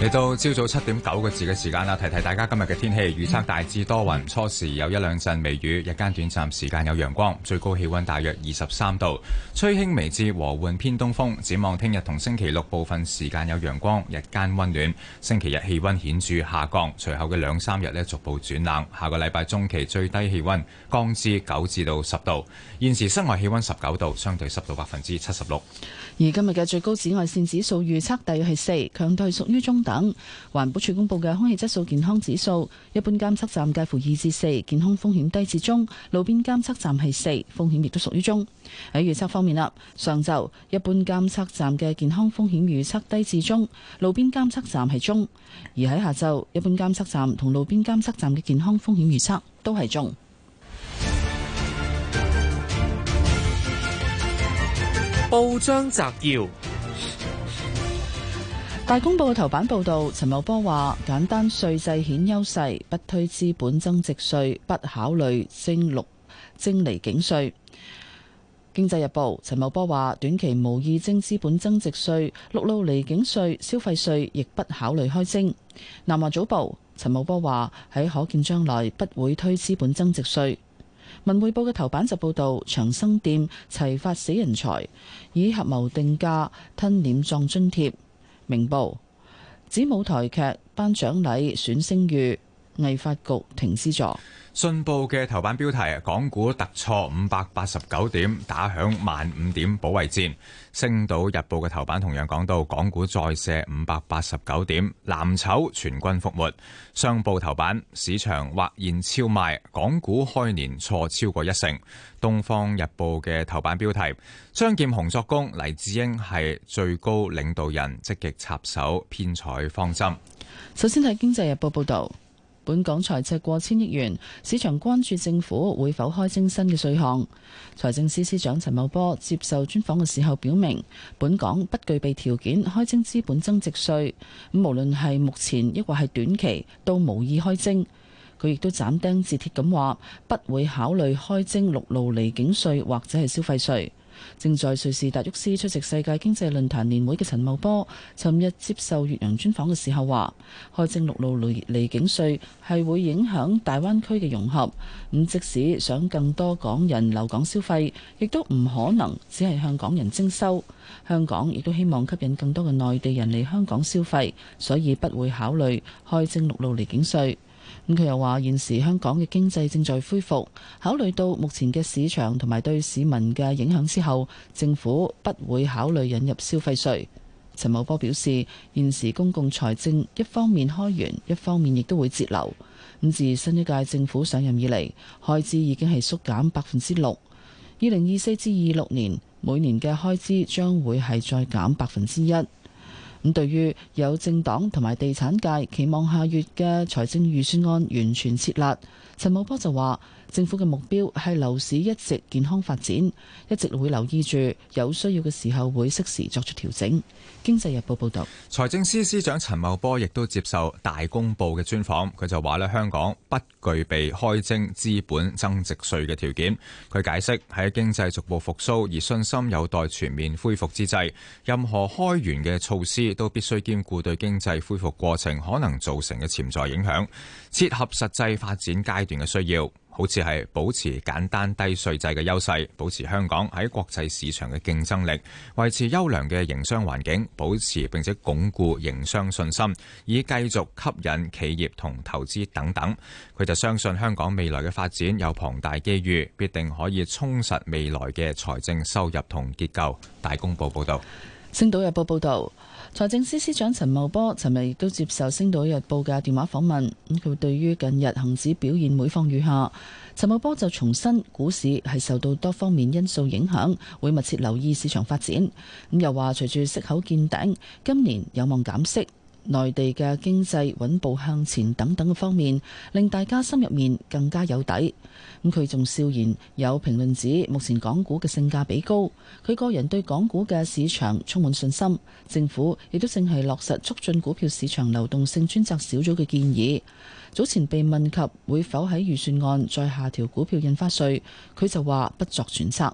嚟到朝早七點九個字嘅時間啦，提提大家今日嘅天氣預測大致多雲，初時有一兩陣微雨，日間短暫時間有陽光，最高氣溫大約二十三度，吹輕微至和緩偏東風。展望聽日同星期六部分時間有陽光，日間溫暖。星期日氣溫顯著下降，隨後嘅兩三日呢逐步轉冷。下個禮拜中期最低氣溫降至九至到十度。現時室外氣溫十九度，相對濕度百分之七十六。而今日嘅最高紫外線指數預測大約係四，強度屬於中等。等環保署公布嘅空氣質素健康指數，一般監測站介乎二至四，健康風險低至中；路邊監測站係四，風險亦都屬於中。喺預測方面啦，上晝一般監測站嘅健康風險預測低至中，路邊監測站係中；而喺下晝，一般監測站同路邊監測站嘅健康風險預測都係中。報章摘要。大公報嘅頭版報導，陳茂波話：簡單稅制顯優勢，不推資本增值稅，不考慮徵陸徵離境稅。經濟日報，陳茂波話：短期無意徵資本增值稅，陸路離境稅、消費稅亦不考慮開徵。南華早報，陳茂波話：喺可見將來不會推資本增值稅。文匯報嘅頭版就報導，長生店齊發死人財，以合謀定價，吞殮葬津貼。明報指舞台劇頒獎禮選聲譽，藝發局停資助。信報嘅頭版標題：港股突挫五百八十九點，打響萬五點保衛戰。星島日報嘅頭版同樣講到，港股再瀉五百八十九點，藍籌全軍覆沒。商報頭版：市場或現超賣，港股開年挫超過一成。東方日報嘅頭版標題：張劍虹作供，黎智英係最高領導人，積極插手編採方針。首先睇經濟日報報道。本港財赤過千億元，市場關注政府會否開徵新嘅稅項。財政司司長陳茂波接受專訪嘅時候表明，本港不具備條件開徵資本增值稅，咁無論係目前抑或係短期都無意開徵。佢亦都斬釘截鐵咁話，不會考慮開徵陸路離境稅或者係消費稅。正在瑞士達沃斯出席世界經濟論壇年會嘅陳茂波，尋日接受《越洋專訪》嘅時候話：開徵陸路離離境稅係會影響大灣區嘅融合。咁即使想更多港人留港消費，亦都唔可能只係向港人徵收。香港亦都希望吸引更多嘅內地人嚟香港消費，所以不會考慮開徵陸路離境稅。咁，佢又話現時香港嘅經濟正在恢復，考慮到目前嘅市場同埋對市民嘅影響之後，政府不會考慮引入消費稅。陳茂波表示，現時公共財政一方面開源，一方面亦都會節流。咁自新一屆政府上任以嚟，開支已經係縮減百分之六。二零二四至二六年每年嘅開支將會係再減百分之一。咁對於有政黨同埋地產界期望下月嘅財政預算案完全設立，陳茂波就話。政府嘅目標係樓市一直健康發展，一直會留意住，有需要嘅時候會適時作出調整。經濟日報報道，財政司司長陳茂波亦都接受大公報嘅專訪，佢就話咧：香港不具備開徵資本增值稅嘅條件。佢解釋喺經濟逐步復蘇而信心有待全面恢復之際，任何開源嘅措施都必須兼顧對經濟恢復過程可能造成嘅潛在影響，切合實際發展階段嘅需要。好似係保持簡單低稅制嘅優勢，保持香港喺國際市場嘅競爭力，維持優良嘅營商環境，保持並且鞏固營商信心，以繼續吸引企業同投資等等。佢就相信香港未來嘅發展有龐大機遇，必定可以充實未來嘅財政收入同結構。大公報報道。星島日報報道。財政司司長陳茂波尋日亦都接受《星島日報》嘅電話訪問，咁佢對於近日恆指表現每況愈下，陳茂波就重申股市係受到多方面因素影響，會密切留意市場發展。咁又話隨住息口見頂，今年有望減息。內地嘅經濟穩步向前，等等嘅方面，令大家心入面更加有底。咁佢仲笑言，有評論指目前港股嘅性價比高，佢個人對港股嘅市場充滿信心。政府亦都正係落實促進股票市場流動性專責小組嘅建議。早前被問及會否喺預算案再下調股票印花稅，佢就話不作揣測。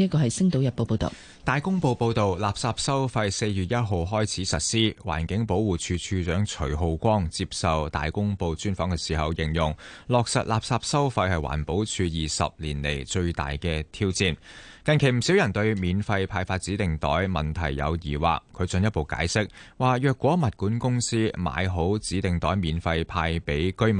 呢個係《星島日報》報道，《大公報》報道，垃圾收費四月一號開始實施。環境保護署署長徐浩光接受《大公報》專訪嘅時候，形容落實垃圾收費係環保署二十年嚟最大嘅挑戰。近期唔少人對免費派發指定袋問題有疑惑，佢進一步解釋話：若果物管公司買好指定袋免費派俾居民，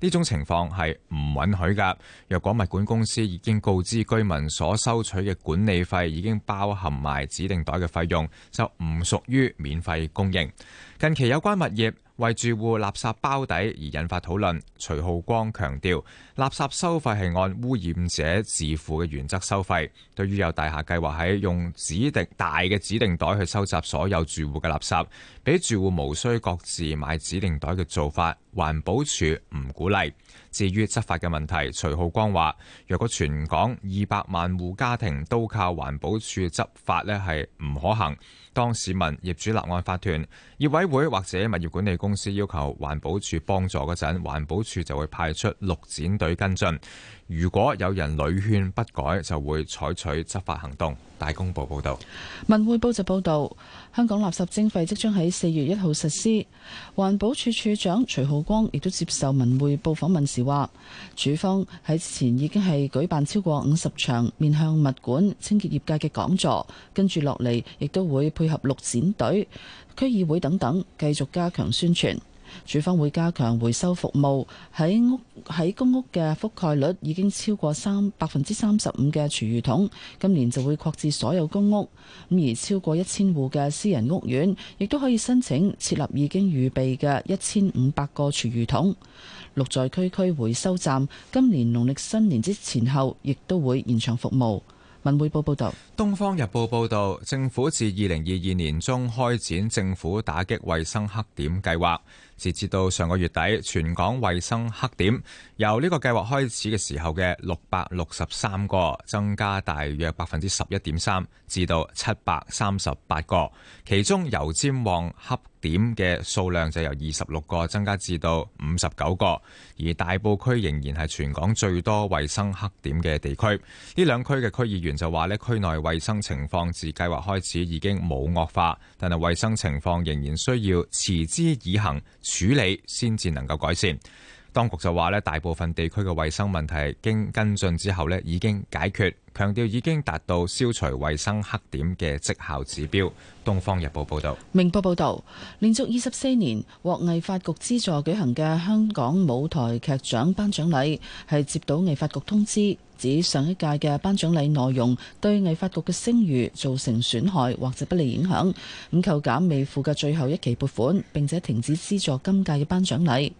呢種情況係唔允許㗎。若果物管公司已經告知居民所收取嘅管理費已經包含埋指定袋嘅費用，就唔屬於免費供應。近期有關物業為住戶垃圾包底而引發討論，徐浩光強調，垃圾收費係按污染者自付嘅原則收費。對於有大廈計劃喺用指定大嘅指定袋去收集所有住戶嘅垃圾，俾住戶無需各自買指定袋嘅做法，環保署唔鼓勵。至於執法嘅問題，徐浩光話，若果全港二百萬戶家庭都靠環保署嘅執法呢，係唔可行。當市民業主立案法團，業委會或者物業管理公司要求環保處幫助嗰陣，環保處就會派出綠展隊跟進。如果有人屢勸不改，就會採取執法行動。大公報報道，文匯報就報道。香港垃圾徵費即將喺四月一號實施，環保署署長徐浩光亦都接受文匯報訪問時話，處方喺前已經係舉辦超過五十場面向物管、清潔業界嘅講座，跟住落嚟亦都會配合綠展隊、區議會等等，繼續加強宣傳。署方會加強回收服務，喺屋喺公屋嘅覆蓋率已經超過三百分之三十五嘅廚餘桶，今年就會擴至所有公屋。咁而超過一千戶嘅私人屋苑，亦都可以申請設立已經預備嘅一千五百個廚餘桶。綠在區區回收站，今年農曆新年之前後，亦都會延長服務。文匯報報道：《東方日報》報道，政府自二零二二年中開展政府打擊衞生黑點計劃。截至到上個月底，全港衞生黑點，由呢個計劃開始嘅時候嘅六百六十三個，增加大約百分之十一點三，至到七百三十八個。其中油尖旺黑點嘅數量就由二十六個增加至到五十九個。而大埔區仍然係全港最多衞生黑點嘅地區。呢兩區嘅區議員就話呢區內衞生情況自計劃開始已經冇惡化，但係衞生情況仍然需要持之以恒處理先至能夠改善。當局就話咧，大部分地區嘅衛生問題經跟進之後咧，已經解決。強調已經達到消除衛生黑點嘅績效指標。《東方日報》報道，《明報》報道，連續二十四年獲藝發局資助舉行嘅香港舞台劇獎頒獎禮，係接到藝發局通知，指上一屆嘅頒獎禮內容對藝發局嘅聲譽造成損害或者不利影響，咁扣減未付嘅最後一期撥款，並且停止資助今屆嘅頒獎禮。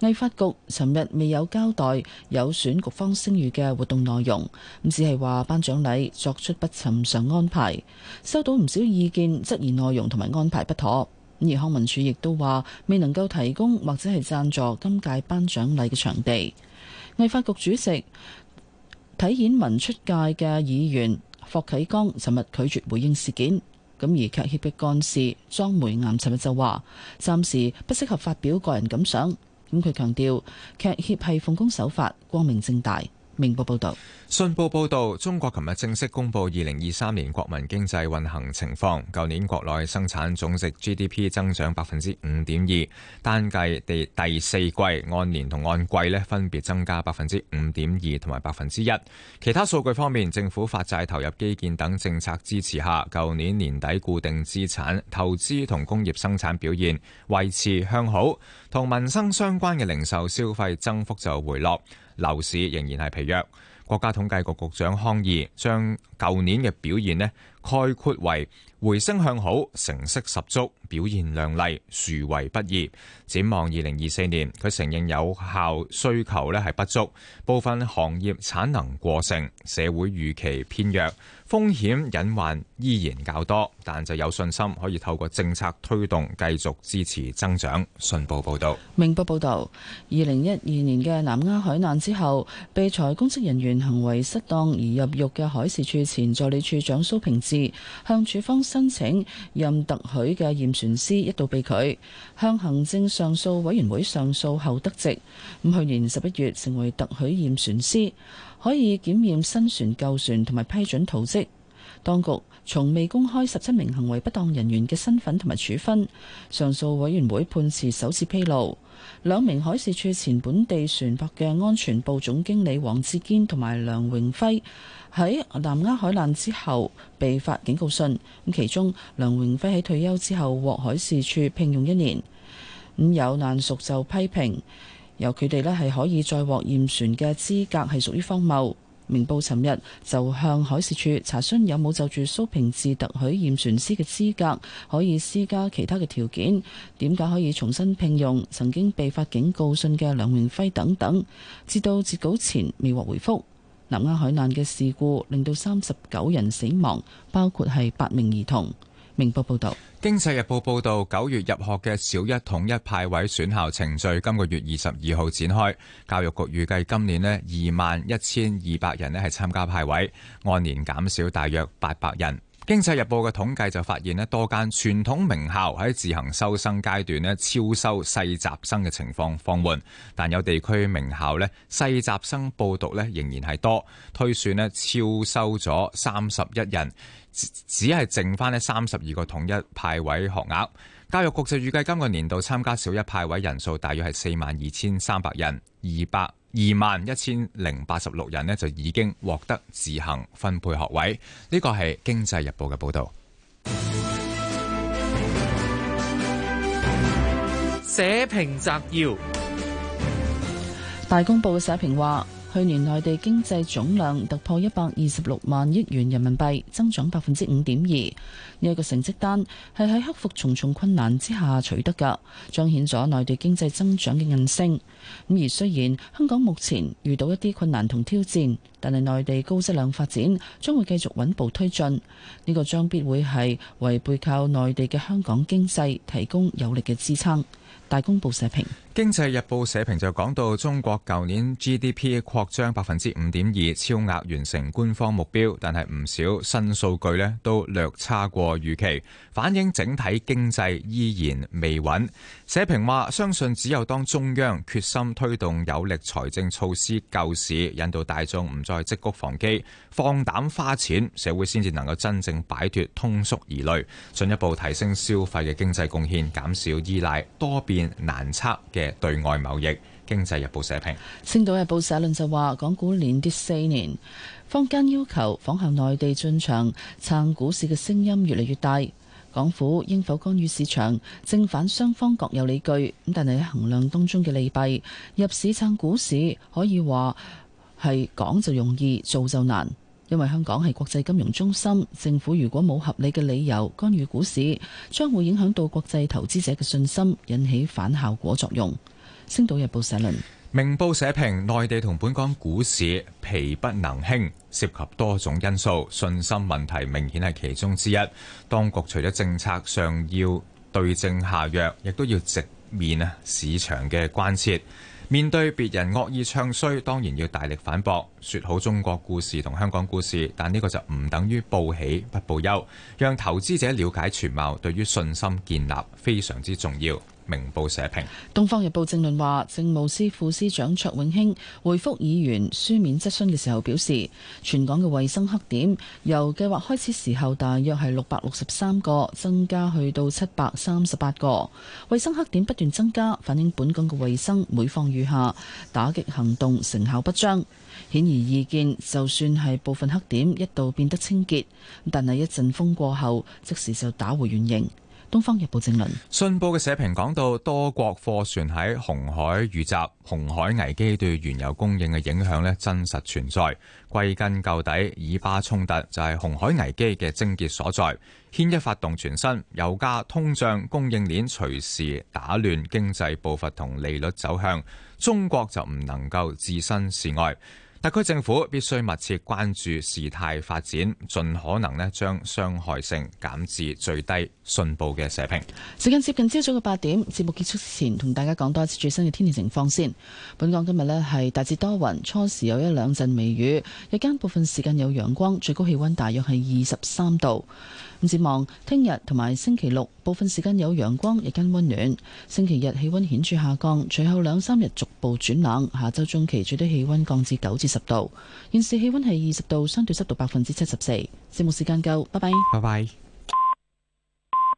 藝發局尋日未有交代有損局方聲譽嘅活動內容，咁只係話。頒獎禮作出不尋常安排，收到唔少意見，質疑內容同埋安排不妥。而康文署亦都話未能夠提供或者係贊助今屆頒獎禮嘅場地。藝發局主席、體演文出界嘅議員霍啟剛，尋日拒絕回應事件。咁而劇協嘅幹事莊梅岩尋日就話，暫時不適合發表個人感想。咁佢強調，劇協係奉公守法、光明正大。明報報道，信報報道，中國琴日正式公布二零二三年國民經濟運行情況。舊年國內生產總值 GDP 增長百分之五點二，單計第第四季按年同按季咧分別增加百分之五點二同埋百分之一。其他數據方面，政府發債投入基建等政策支持下，舊年年底固定資產投資同工業生產表現維持向好，同民生相關嘅零售消費增幅就回落。樓市仍然係疲弱。國家統計局局長康義將舊年嘅表現呢，概括為回升向好，成色十足。表現亮麗，殊為不易。展望二零二四年，佢承認有效需求咧係不足，部分行業產能過剩，社會預期偏弱，風險隱患依然較多。但就有信心可以透過政策推動，繼續支持增長。信報報道，明報報道，二零一二年嘅南丫海難之後，被裁公職人員行為失當而入獄嘅海事處前助理處長蘇平治，向處方申請任特許嘅驗船師一度被拒，向行政上訴委員會上訴後得直。咁去年十一月成為特許驗船師，可以檢驗新船、舊船同埋批准圖紙。當局從未公開十七名行為不當人員嘅身份同埋處分。上訴委員會判詞首次披露，兩名海事處前本地船舶嘅安全部總經理黃志堅同埋梁榮輝。喺南丫海難之後被發警告信，咁其中梁榮輝喺退休之後獲海事處聘用一年，咁有難屬就批評，由佢哋咧係可以再獲驗船嘅資格係屬於荒謬。明報尋日就向海事處查詢有冇就住蘇平志特許驗船師嘅資格可以施加其他嘅條件，點解可以重新聘用曾經被發警告信嘅梁榮輝等等，至到截稿前未獲回覆。南丫海難嘅事故令到三十九人死亡，包括係八名兒童。明報報導，《經濟日報》報導，九月入學嘅小一統一派位選校程序今個月二十二號展開，教育局預計今年咧二萬一千二百人咧係參加派位，按年減少大約八百人。經濟日報嘅統計就發現咧，多間傳統名校喺自行收生階段咧，超收世襲生嘅情況放緩，但有地區名校咧，世襲生報讀咧仍然係多，推算咧超收咗三十一人，只係剩返咧三十二個統一派位學額。教育局就預計今個年度參加小一派位人數大約係四萬二千三百人，二百。二萬一千零八十六人呢，就已經獲得自行分配學位，呢個係《經濟日報》嘅報道。社評摘要，大公報嘅社評話。去年內地經濟總量突破一百二十六萬億元人民幣，增長百分之五點二。呢一個成績單係喺克服重重困難之下取得嘅，彰顯咗內地經濟增長嘅韌性。咁而雖然香港目前遇到一啲困難同挑戰，但係內地高質量發展將會繼續穩步推進。呢個將必會係為背靠內地嘅香港經濟提供有力嘅支撐。大公報社評。經濟日報社評就講到，中國舊年 GDP 擴張百分之五點二，超額完成官方目標，但係唔少新數據咧都略差過預期，反映整體經濟依然未穩。社評話，相信只有當中央決心推動有力財政措施救市，引導大眾唔再積穀防飢，放膽花錢，社會先至能夠真正擺脫通縮疑慮，進一步提升消費嘅經濟貢獻，減少依賴，多變難測嘅。對外貿易。《經濟日報》社評。《青島日報》社論就話，港股連跌四年，坊間要求仿效內地進場撐股市嘅聲音越嚟越大，港府應否干預市場？正反雙方各有理據，咁但係喺衡量當中嘅利弊，入市撐股市可以話係講就容易，做就難。因為香港係國際金融中心，政府如果冇合理嘅理由干預股市，將會影響到國際投資者嘅信心，引起反效果作用。星島日報社論，明報社評：內地同本港股市疲不能興，涉及多種因素，信心問題明顯係其中之一。當局除咗政策上要對症下藥，亦都要直面啊市場嘅關切。面對別人惡意唱衰，當然要大力反駁，說好中國故事同香港故事。但呢個就唔等於報喜不報憂，讓投資者了解全貌，對於信心建立非常之重要。明報社評，《東方日報政論》話政務司副司長卓永興回覆議員書面質詢嘅時候表示，全港嘅衛生黑點由計劃開始時候大約係六百六十三個增加去到七百三十八個。衛生黑點不斷增加，反映本港嘅衛生每況愈下，打擊行動成效不彰。顯而易見，就算係部分黑點一度變得清潔，但係一陣風過後即時就打回原形。《東方日報》正論，信報嘅社評講到，多國貨船喺紅海遇襲，紅海危機對原油供應嘅影響咧真實存在。歸根究底，以巴衝突就係紅海危機嘅症結所在。牽一發動全身，油價、有通脹、供應鏈隨時打亂經濟步伐同利率走向，中國就唔能夠置身事外。特區政府必須密切關注事態發展，盡可能呢將傷害性減至最低。信報嘅社評，時間接近朝早嘅八點，節目結束之前同大家講多一次最新嘅天氣情況先。本港今日呢係大致多雲，初時有一兩陣微雨，日間部分時間有陽光，最高氣溫大約係二十三度。展望聽日同埋星期六部分時間有陽光，日間溫暖。星期日氣溫顯著下降，隨後兩三日逐步轉冷。下周中期最低氣溫降至九至十度。現時氣溫係二十度，相對濕度百分之七十四。節目時間夠，拜拜，拜拜。